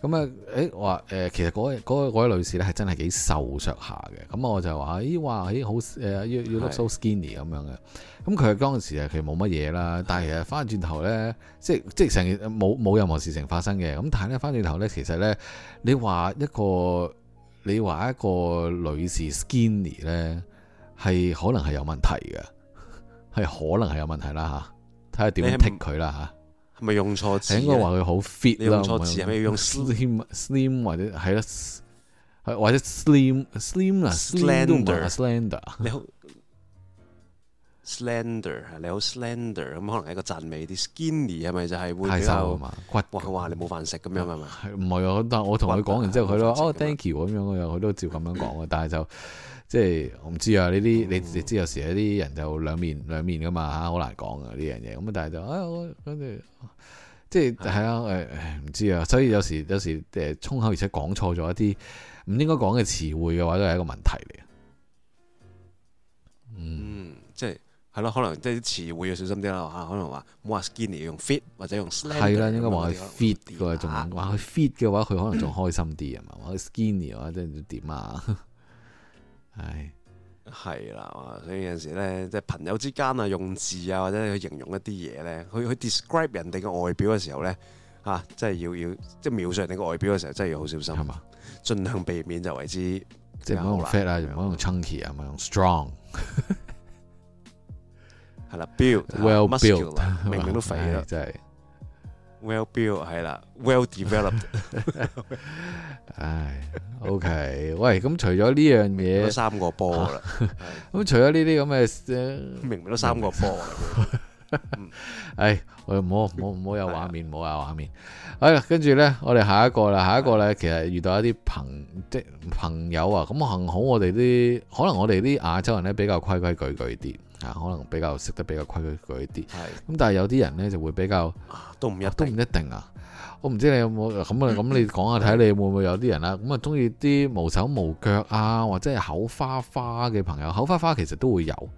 [SPEAKER 2] 咁啊誒話誒，其實嗰嗰位，位，位女士咧係真係幾瘦削下嘅。咁、嗯、我就話咦、欸、哇，咦、欸，好誒要、呃、look so skinny 咁樣嘅。咁、嗯、佢當時其實冇乜嘢啦，但係其實翻轉頭咧，即係即係成冇冇任何事情發生嘅。咁但係咧翻轉頭咧，其實咧你話一個你話一,一個女士 skinny 咧。係可能係有問題嘅，係可能係有問題啦吓，睇下點樣剔佢啦吓。
[SPEAKER 1] 係咪用錯詞？係應該話佢好 fit 啦。用錯詞係咪用
[SPEAKER 2] slim slim 或者係啦，或者 slim slim 啊 slender slender。你
[SPEAKER 1] 好 slender，你好 slender，咁可能係一個讚美啲 skinny 係咪就係會比較骨話你冇飯食咁樣啊嘛？
[SPEAKER 2] 唔係啊？但我同佢講完之後，佢都哦 thank you 咁樣，佢都照咁樣講嘅，但係就。即係我唔知啊！呢啲你你知，有時有啲人就兩面兩面噶嘛嚇，好難講啊呢樣嘢。咁但係就、哎、啊，我跟住即係係啊，誒唔知啊。所以有時有時誒、呃、衝口，而且講錯咗一啲唔應該講嘅詞彙嘅話，都係一個問題嚟嘅。嗯，嗯
[SPEAKER 1] 即係係咯，可能即係啲詞彙要小心啲啦嚇。可能話冇好話 skinny 用 fit 或者用係啦，應該話
[SPEAKER 2] fit 嘅仲、啊、fit 嘅話，佢可能仲開心啲啊嘛。話
[SPEAKER 1] skinny 啊，即係點啊？係係啦，所以有陣時咧，即係朋友之間啊，用字啊或者去形容一啲嘢咧，去去 describe 人哋嘅外表嘅時候咧，啊，即係要要即係描述人哋個外表嘅時候，真係要好小心啊，盡吧量避免就為之，
[SPEAKER 2] 即係唔好用 fat
[SPEAKER 1] 啊，唔好吧用 chunky 啊，唔好用 strong，係啦 (laughs) ，build，well built，muscular，明明都肥咗真係。Well built，係啦，well developed。唉
[SPEAKER 2] ，OK，喂，咁除咗呢樣嘢，三個波啦。咁除咗呢啲咁嘅，明明都三個波。 (laughs) 唉，我唔好，唔好，嗯，唔好有畫面，唔好，嗯，有畫面。哎啦，嗯，跟住呢，嗯，我哋下一個啦，下一個呢，其實遇到一啲朋，即朋友啊，咁幸好我哋啲，可能我哋啲亞洲人呢，比較規規矩矩啲啊，可能比較識得比較規矩啲。咁，嗯，但係有啲人呢，就會比較，都唔一定，一定啊。我唔知你有冇咁啊？咁你講下睇你會唔會有啲人啊？咁啊，嗯，中意啲無手無腳啊，或者係口花花嘅朋友，口花花其實都會有。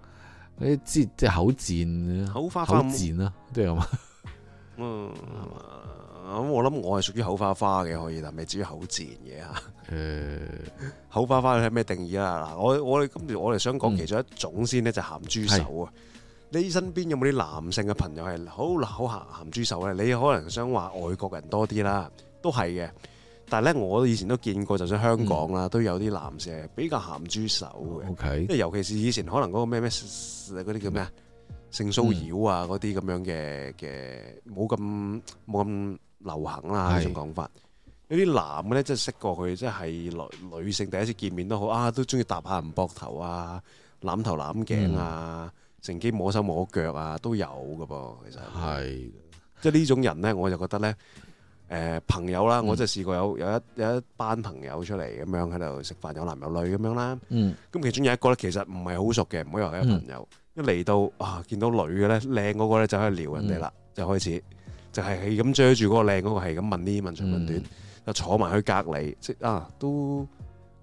[SPEAKER 2] 誒，你知即係口賤，口花花口、啊，口賤啦，都係嘛？嗯，
[SPEAKER 1] 咁吧、嗯、我諗我係屬於口花花嘅，可以但未至於口賤嘅吓。誒、嗯，口花花係咩定義啊？嗱，我我哋今次我哋想講其中一種先呢、嗯、就鹹豬手啊！是你身邊有冇啲男性嘅朋友係好嗱好鹹鹹豬手咧？你可能想話外國人多啲啦，都係嘅。但係咧，我以前都見過，就算香港啦，都有啲男士比較鹹豬手嘅，即係尤其是以前可能嗰個咩咩嗰啲叫咩啊，性騷擾啊嗰啲咁樣嘅嘅，冇咁冇咁流行啦呢種講法。有啲男嘅咧，即係識過佢，即係女女性第一次見面都好啊，都中意搭下人膊頭啊，攬頭攬頸啊，乘機摸手摸腳啊，都有㗎噃。其實係即係呢種人咧，我就覺得咧。誒、呃、朋友啦，嗯、我真係試過有有一有一班朋友出嚟咁樣喺度食飯，有男有女咁樣啦。嗯。咁其中有一個咧，其實唔係好熟嘅，唔好以為係朋友。嗯、一嚟到啊，見到女嘅咧，靚嗰個咧就喺度撩人哋啦，嗯、就開始就係係咁追住嗰個靚嗰個係咁問呢問長問短，就是那個、坐埋去隔離，即啊都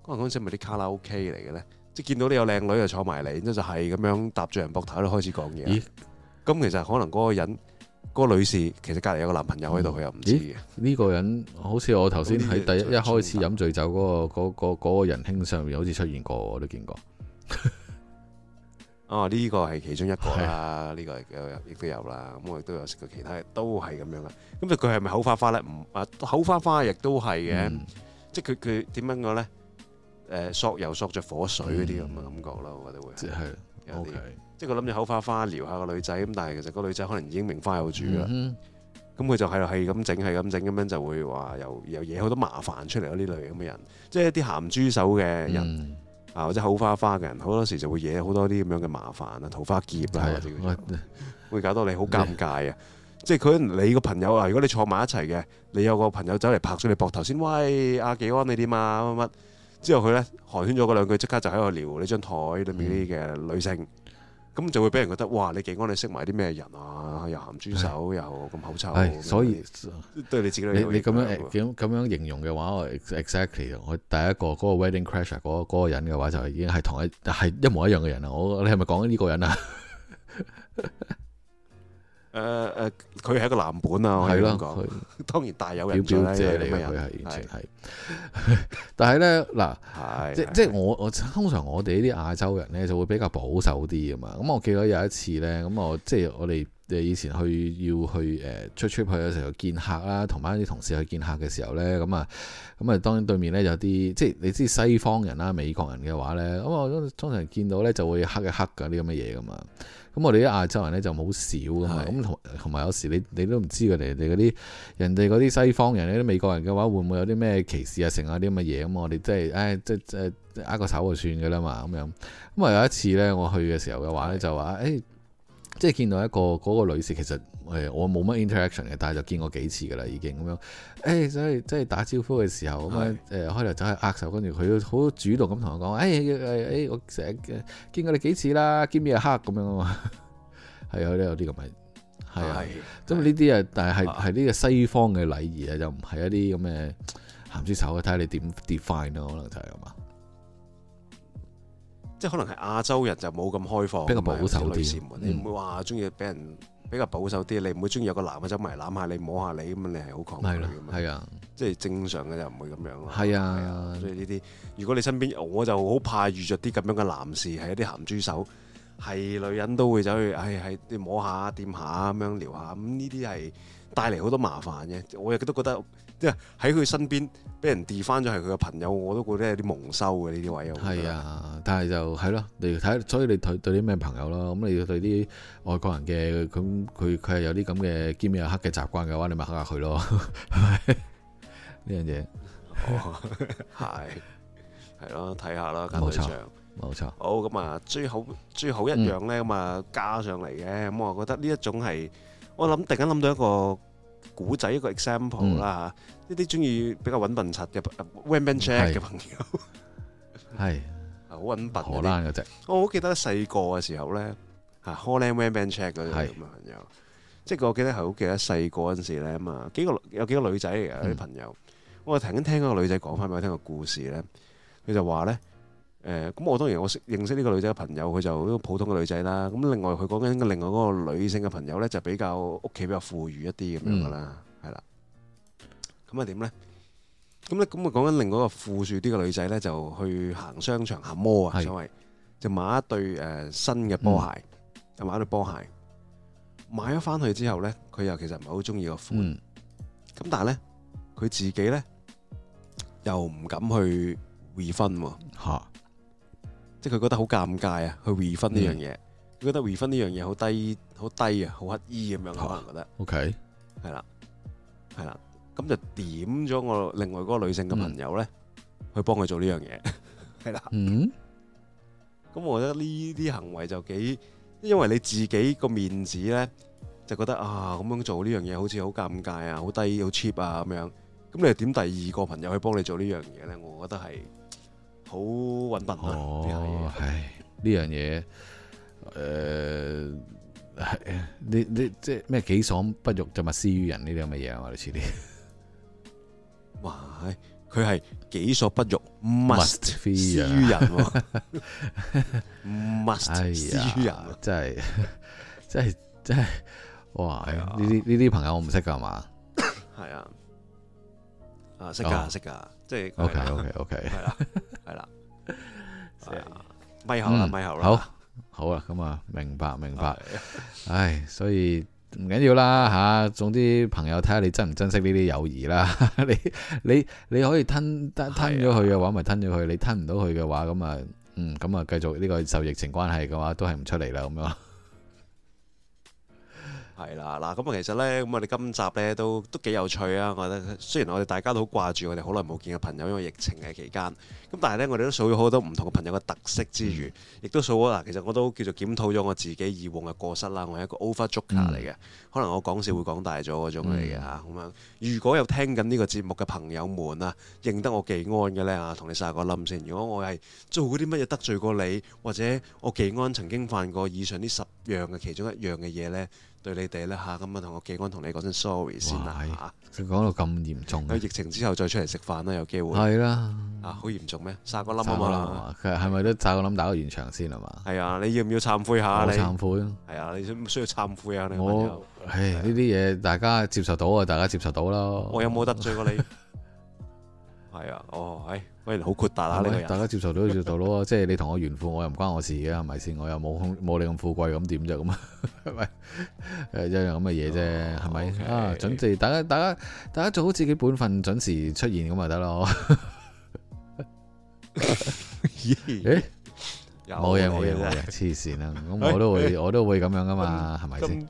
[SPEAKER 1] 可能嗰陣時咪啲卡拉 OK 嚟嘅咧，即、就、係、是、見到你有靚女就坐埋嚟，然之後就係、是、咁樣搭住人膊頭咧開始講嘢。咦、嗯？咁、嗯、其實可能嗰個人。個女士其實隔離有個男朋友喺度，佢、嗯、又唔知呢、這個呢個人好似我頭先喺第一一開始飲醉酒嗰、嗰
[SPEAKER 2] 個嗰、嗰個嗰個人卿上面好似出現過，我都見過。
[SPEAKER 1] (laughs) 哦，呢、呢個係其中一個啦，呢的個亦都有啦。咁我亦都有食過其他嘅，都係咁樣嘅。咁就佢係咪口花花咧？唔啊，口花花亦都係嘅。嗯、即係佢佢點樣講咧？誒、呃，索油索着火水嗰啲咁嘅感覺咯，嗯、我覺得會。即係是 OK。即係佢諗住口花花撩下個女仔咁，但係其實個女仔可能已經名花有主啦。咁佢就係係咁整，係咁整咁樣就會話又又惹好多麻煩出嚟咯。呢類咁嘅人，即係啲鹹豬手嘅人啊，或者口花花嘅人，好多時就會惹好多啲咁樣嘅麻煩啊，桃花劫啊，或者會搞到你好尷尬啊。即係佢你個朋友啊，如果你坐埋一齊嘅，你有個朋友走嚟拍咗你膊頭先，喂阿幾安你啲嘛乜乜之後佢咧寒暄咗嗰兩句，即刻就喺度撩你張台裏面啲嘅女性。咁就會俾人覺得，哇！你景安，你識埋啲咩人啊？又鹹豬手，又咁口臭。所以對你自己你咁樣咁樣形容嘅話，exactly，我第一個
[SPEAKER 2] 嗰、嗰個 Wedding Crash 嗰個人嘅話就已經係同一係一模一樣嘅人啊！我你係咪講緊呢
[SPEAKER 1] 個人啊？誒 (laughs) 誒、呃，佢、呃、係一個藍本啊！我點講？當然大有人表表姐嚟嘅佢係完全係，是 (laughs) 但
[SPEAKER 2] 係咧嗱，即即係係係我我通常我哋呢啲亞洲人咧就會比較保守啲啊嘛。咁我記得有一次咧，咁我即係我哋誒以前去要去誒、呃、出出去嘅時候見客啦，同班啲同事去見客嘅時候咧，咁啊咁啊，當然對面咧有啲即係你知西方人啦、美國人嘅話咧，咁我通常見到咧就會黑一黑嗰啲咁嘅嘢噶嘛。咁我哋啲亞洲人咧就冇少㗎嘛，咁同同埋有時你你都唔知佢哋哋嗰啲人哋嗰啲西方人呢，啲美國人嘅話會唔會有啲咩歧視啊，成啊啲咁嘅嘢咁，我哋即係唉，即係呃握個手就算㗎喇嘛，咁樣。咁啊有一次咧，我去嘅時候嘅話咧，的就話誒，即係見到一個嗰、嗰個女士，其實誒我冇乜 interaction 嘅，但係就見過幾次㗎喇，已經咁樣。誒、欸、所以即係打招呼嘅時候咁樣，誒、呃、開頭走去握手，跟住佢好主動咁同我講誒誒誒我成日見過你幾次啦，見面黑咁樣啊嘛，係啊，啲有啲咁嘅係啊，咁呢啲啊，但係係呢個西方嘅禮儀啊，就唔係一啲咁嘅鹹豬手嘅，睇下你點 define
[SPEAKER 1] 咯，可能就係咁嘛，即係可能係亞洲人就冇咁開放，比較保守啲，你唔會話鍾意畀人。比較保守啲，你唔會中意有個男嘅走埋攬下你，摸下你，咁你係好抗拒啊，即係正常嘅就唔會咁樣咯。係
[SPEAKER 2] 啊的，所以
[SPEAKER 1] 呢啲如果你身邊我就好怕遇着啲咁樣嘅男士，係一啲鹹豬手，係女人都會走去唉係、哎、摸下掂下咁樣撩下，咁呢啲係帶嚟好多麻煩嘅。我亦都覺得。即係喺佢身邊俾人跌翻咗，係佢嘅朋友，我都覺得有啲蒙羞嘅呢啲位啊。
[SPEAKER 2] 係啊，但係就係咯，你睇，所以你對對啲咩朋友咯？咁你要對啲外國人嘅咁佢佢係有啲咁嘅兼有黑嘅習慣嘅話，你咪黑下佢咯，
[SPEAKER 1] 係咪呢樣嘢？係係咯，睇下啦，冇錯，冇錯。好咁啊，最好最好一樣咧咁啊，加上嚟嘅咁，我覺得呢一種係我諗突然間諗到一個。古仔一個 example 啦嚇，一啲中意比較揾笨柒嘅 van bench 嘅朋友，
[SPEAKER 2] 係
[SPEAKER 1] 好揾笨嗰啲。我好記得細個嘅時候咧，嚇荷蘭 van bench 嗰啲咁嘅朋友，是即係我記得係好記得細個嗰陣時咧啊嘛，幾個有幾個女仔嚟嘅啲朋友，我突然間聽嗰個女仔講翻俾我聽個故事咧，佢就話咧。誒咁，我當然我識認識呢個女仔嘅朋友，佢就一個普通嘅女仔啦。咁另外佢講緊嘅另外嗰個女性嘅朋友咧，就比較屋企比較富裕一啲咁樣噶啦，係啦。咁啊點咧？咁咧咁啊講緊另外一個富庶啲嘅女仔咧，就去行商場下摩啊，所謂就買一對誒新嘅波鞋，就買一對波鞋。買咗返去之後咧，佢又其實唔係好中意個款。咁但係咧，佢自己咧又唔敢去 refund 喎嚇。即係佢覺得好尷尬啊，去 refund 呢樣嘢，佢、嗯、覺得 refund 呢樣嘢好低，低好低啊，好乞衣咁樣咯，可能覺得，OK，係啦，係啦，咁就點咗我另外嗰個女性嘅朋友呢，去幫佢做呢樣嘢，係啦，嗯，咁 (laughs) 了、嗯、我覺得呢啲行為就幾，因為你自己個面子呢，就覺得啊，咁樣做呢樣嘢好似好尷尬啊，好低，好 cheap 啊咁樣，咁你又點第二個朋友去幫你做呢樣嘢呢？我覺得係。好搵笨啊！係呢樣嘢，誒，
[SPEAKER 2] 係你你即係咩？己所不欲，就勿施於人呢
[SPEAKER 1] 啲咁嘅嘢啊！我哋似啲，哇！佢係己所不欲，勿施於人，勿施於人，真
[SPEAKER 2] 係真係真係哇！呢啲呢啲朋友我唔識噶嘛？
[SPEAKER 1] 係啊，啊識噶識噶。即係 (noise) OK OK OK，係啦係啦，係 (noise) 啊，咪好啦咪好啦，好
[SPEAKER 2] 好啦咁啊，明白明白， (noise) (noise) (noise) 唉，所以唔緊要啦吓、啊，總之朋友睇下你珍唔珍惜呢啲友誼啦， (laughs) 你你你可以吞吞吞咗佢嘅話，咪、 (noise) 啊、吞咗佢；你吞唔到佢嘅話，咁啊嗯，咁啊繼續呢、這個受疫情關係嘅話，都係唔出嚟
[SPEAKER 1] 啦咁樣。係啦，嗱咁啊，其實呢，咁我哋今集呢都都幾有趣啊。我覺得雖然我哋大家都好掛住我哋好耐冇見嘅朋友，因為疫情嘅期間，咁但係呢，我哋都數咗好多唔同嘅朋友嘅特色之餘，亦都數咗嗱。其實我都叫做檢討咗我自己以往嘅過失啦。我係一個 over joker 嚟嘅，可能我講笑會講大咗嗰種嚟嘅吓咁樣。嗯、如果有聽緊呢個節目嘅朋友們啊，認得我技安嘅呢，同你晒個冧先。如果我係做啲乜嘢得罪過你，或者我技安曾經犯過以上呢十樣嘅其中一樣嘅嘢呢。對你哋啦嚇，咁啊同我記安同你講聲 sorry 先啦嚇，先講到咁嚴重。疫情之後再出嚟食飯啦，有機會。係啦了，啊好嚴重咩？殺個冧啊嘛，佢係咪都殺個冧吧打個圓場先啊嘛？係啊，你要唔要懺悔
[SPEAKER 2] 下？你懺悔咯。
[SPEAKER 1] 係啊，你需唔需要懺悔我啊？你？我
[SPEAKER 2] 呢啲嘢大家接受到啊，大家接受到啦。我有
[SPEAKER 1] 冇得罪過你？係 (laughs) 啊，哦，係、哎。喂，好闊達啊！呢吧大家
[SPEAKER 2] 接受到呢條道即係你同我炫富，我又唔關我事嘅，係咪先？我又冇冇你咁富貴，咁點啫？咁，係咪？誒，一樣咁嘅嘢啫，係咪？ (laughs) Okay. 啊，準時！大家，大家，大家做好自己本分，準時出現咁咪得咯。誒，冇 (laughs) 嘢、 (laughs) (laughs) (laughs) 哎，冇嘢，冇嘢，黐線啦！咁我都會，我都會咁樣噶嘛，係咪先？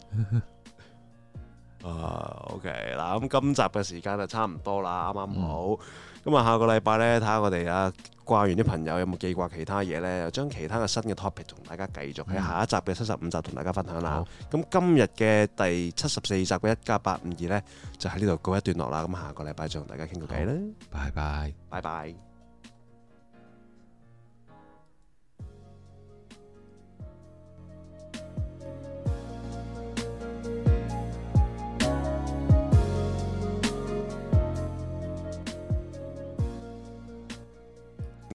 [SPEAKER 1] 啊，OK，嗱，咁今集嘅時間就差唔多啦，啱啱好。 (noise) 哦 (noise) 咁啊，下個禮拜咧，睇下我哋啊掛完啲朋友有冇記掛其他嘢咧，又將其他嘅新嘅 topic 同大家繼續喺下一集嘅七十五集同大家分享啦。咁今日嘅第七十四集嘅一家八五二咧，就喺呢度告一段落啦。咁下個禮拜再同大家傾個偈啦。拜拜，拜拜。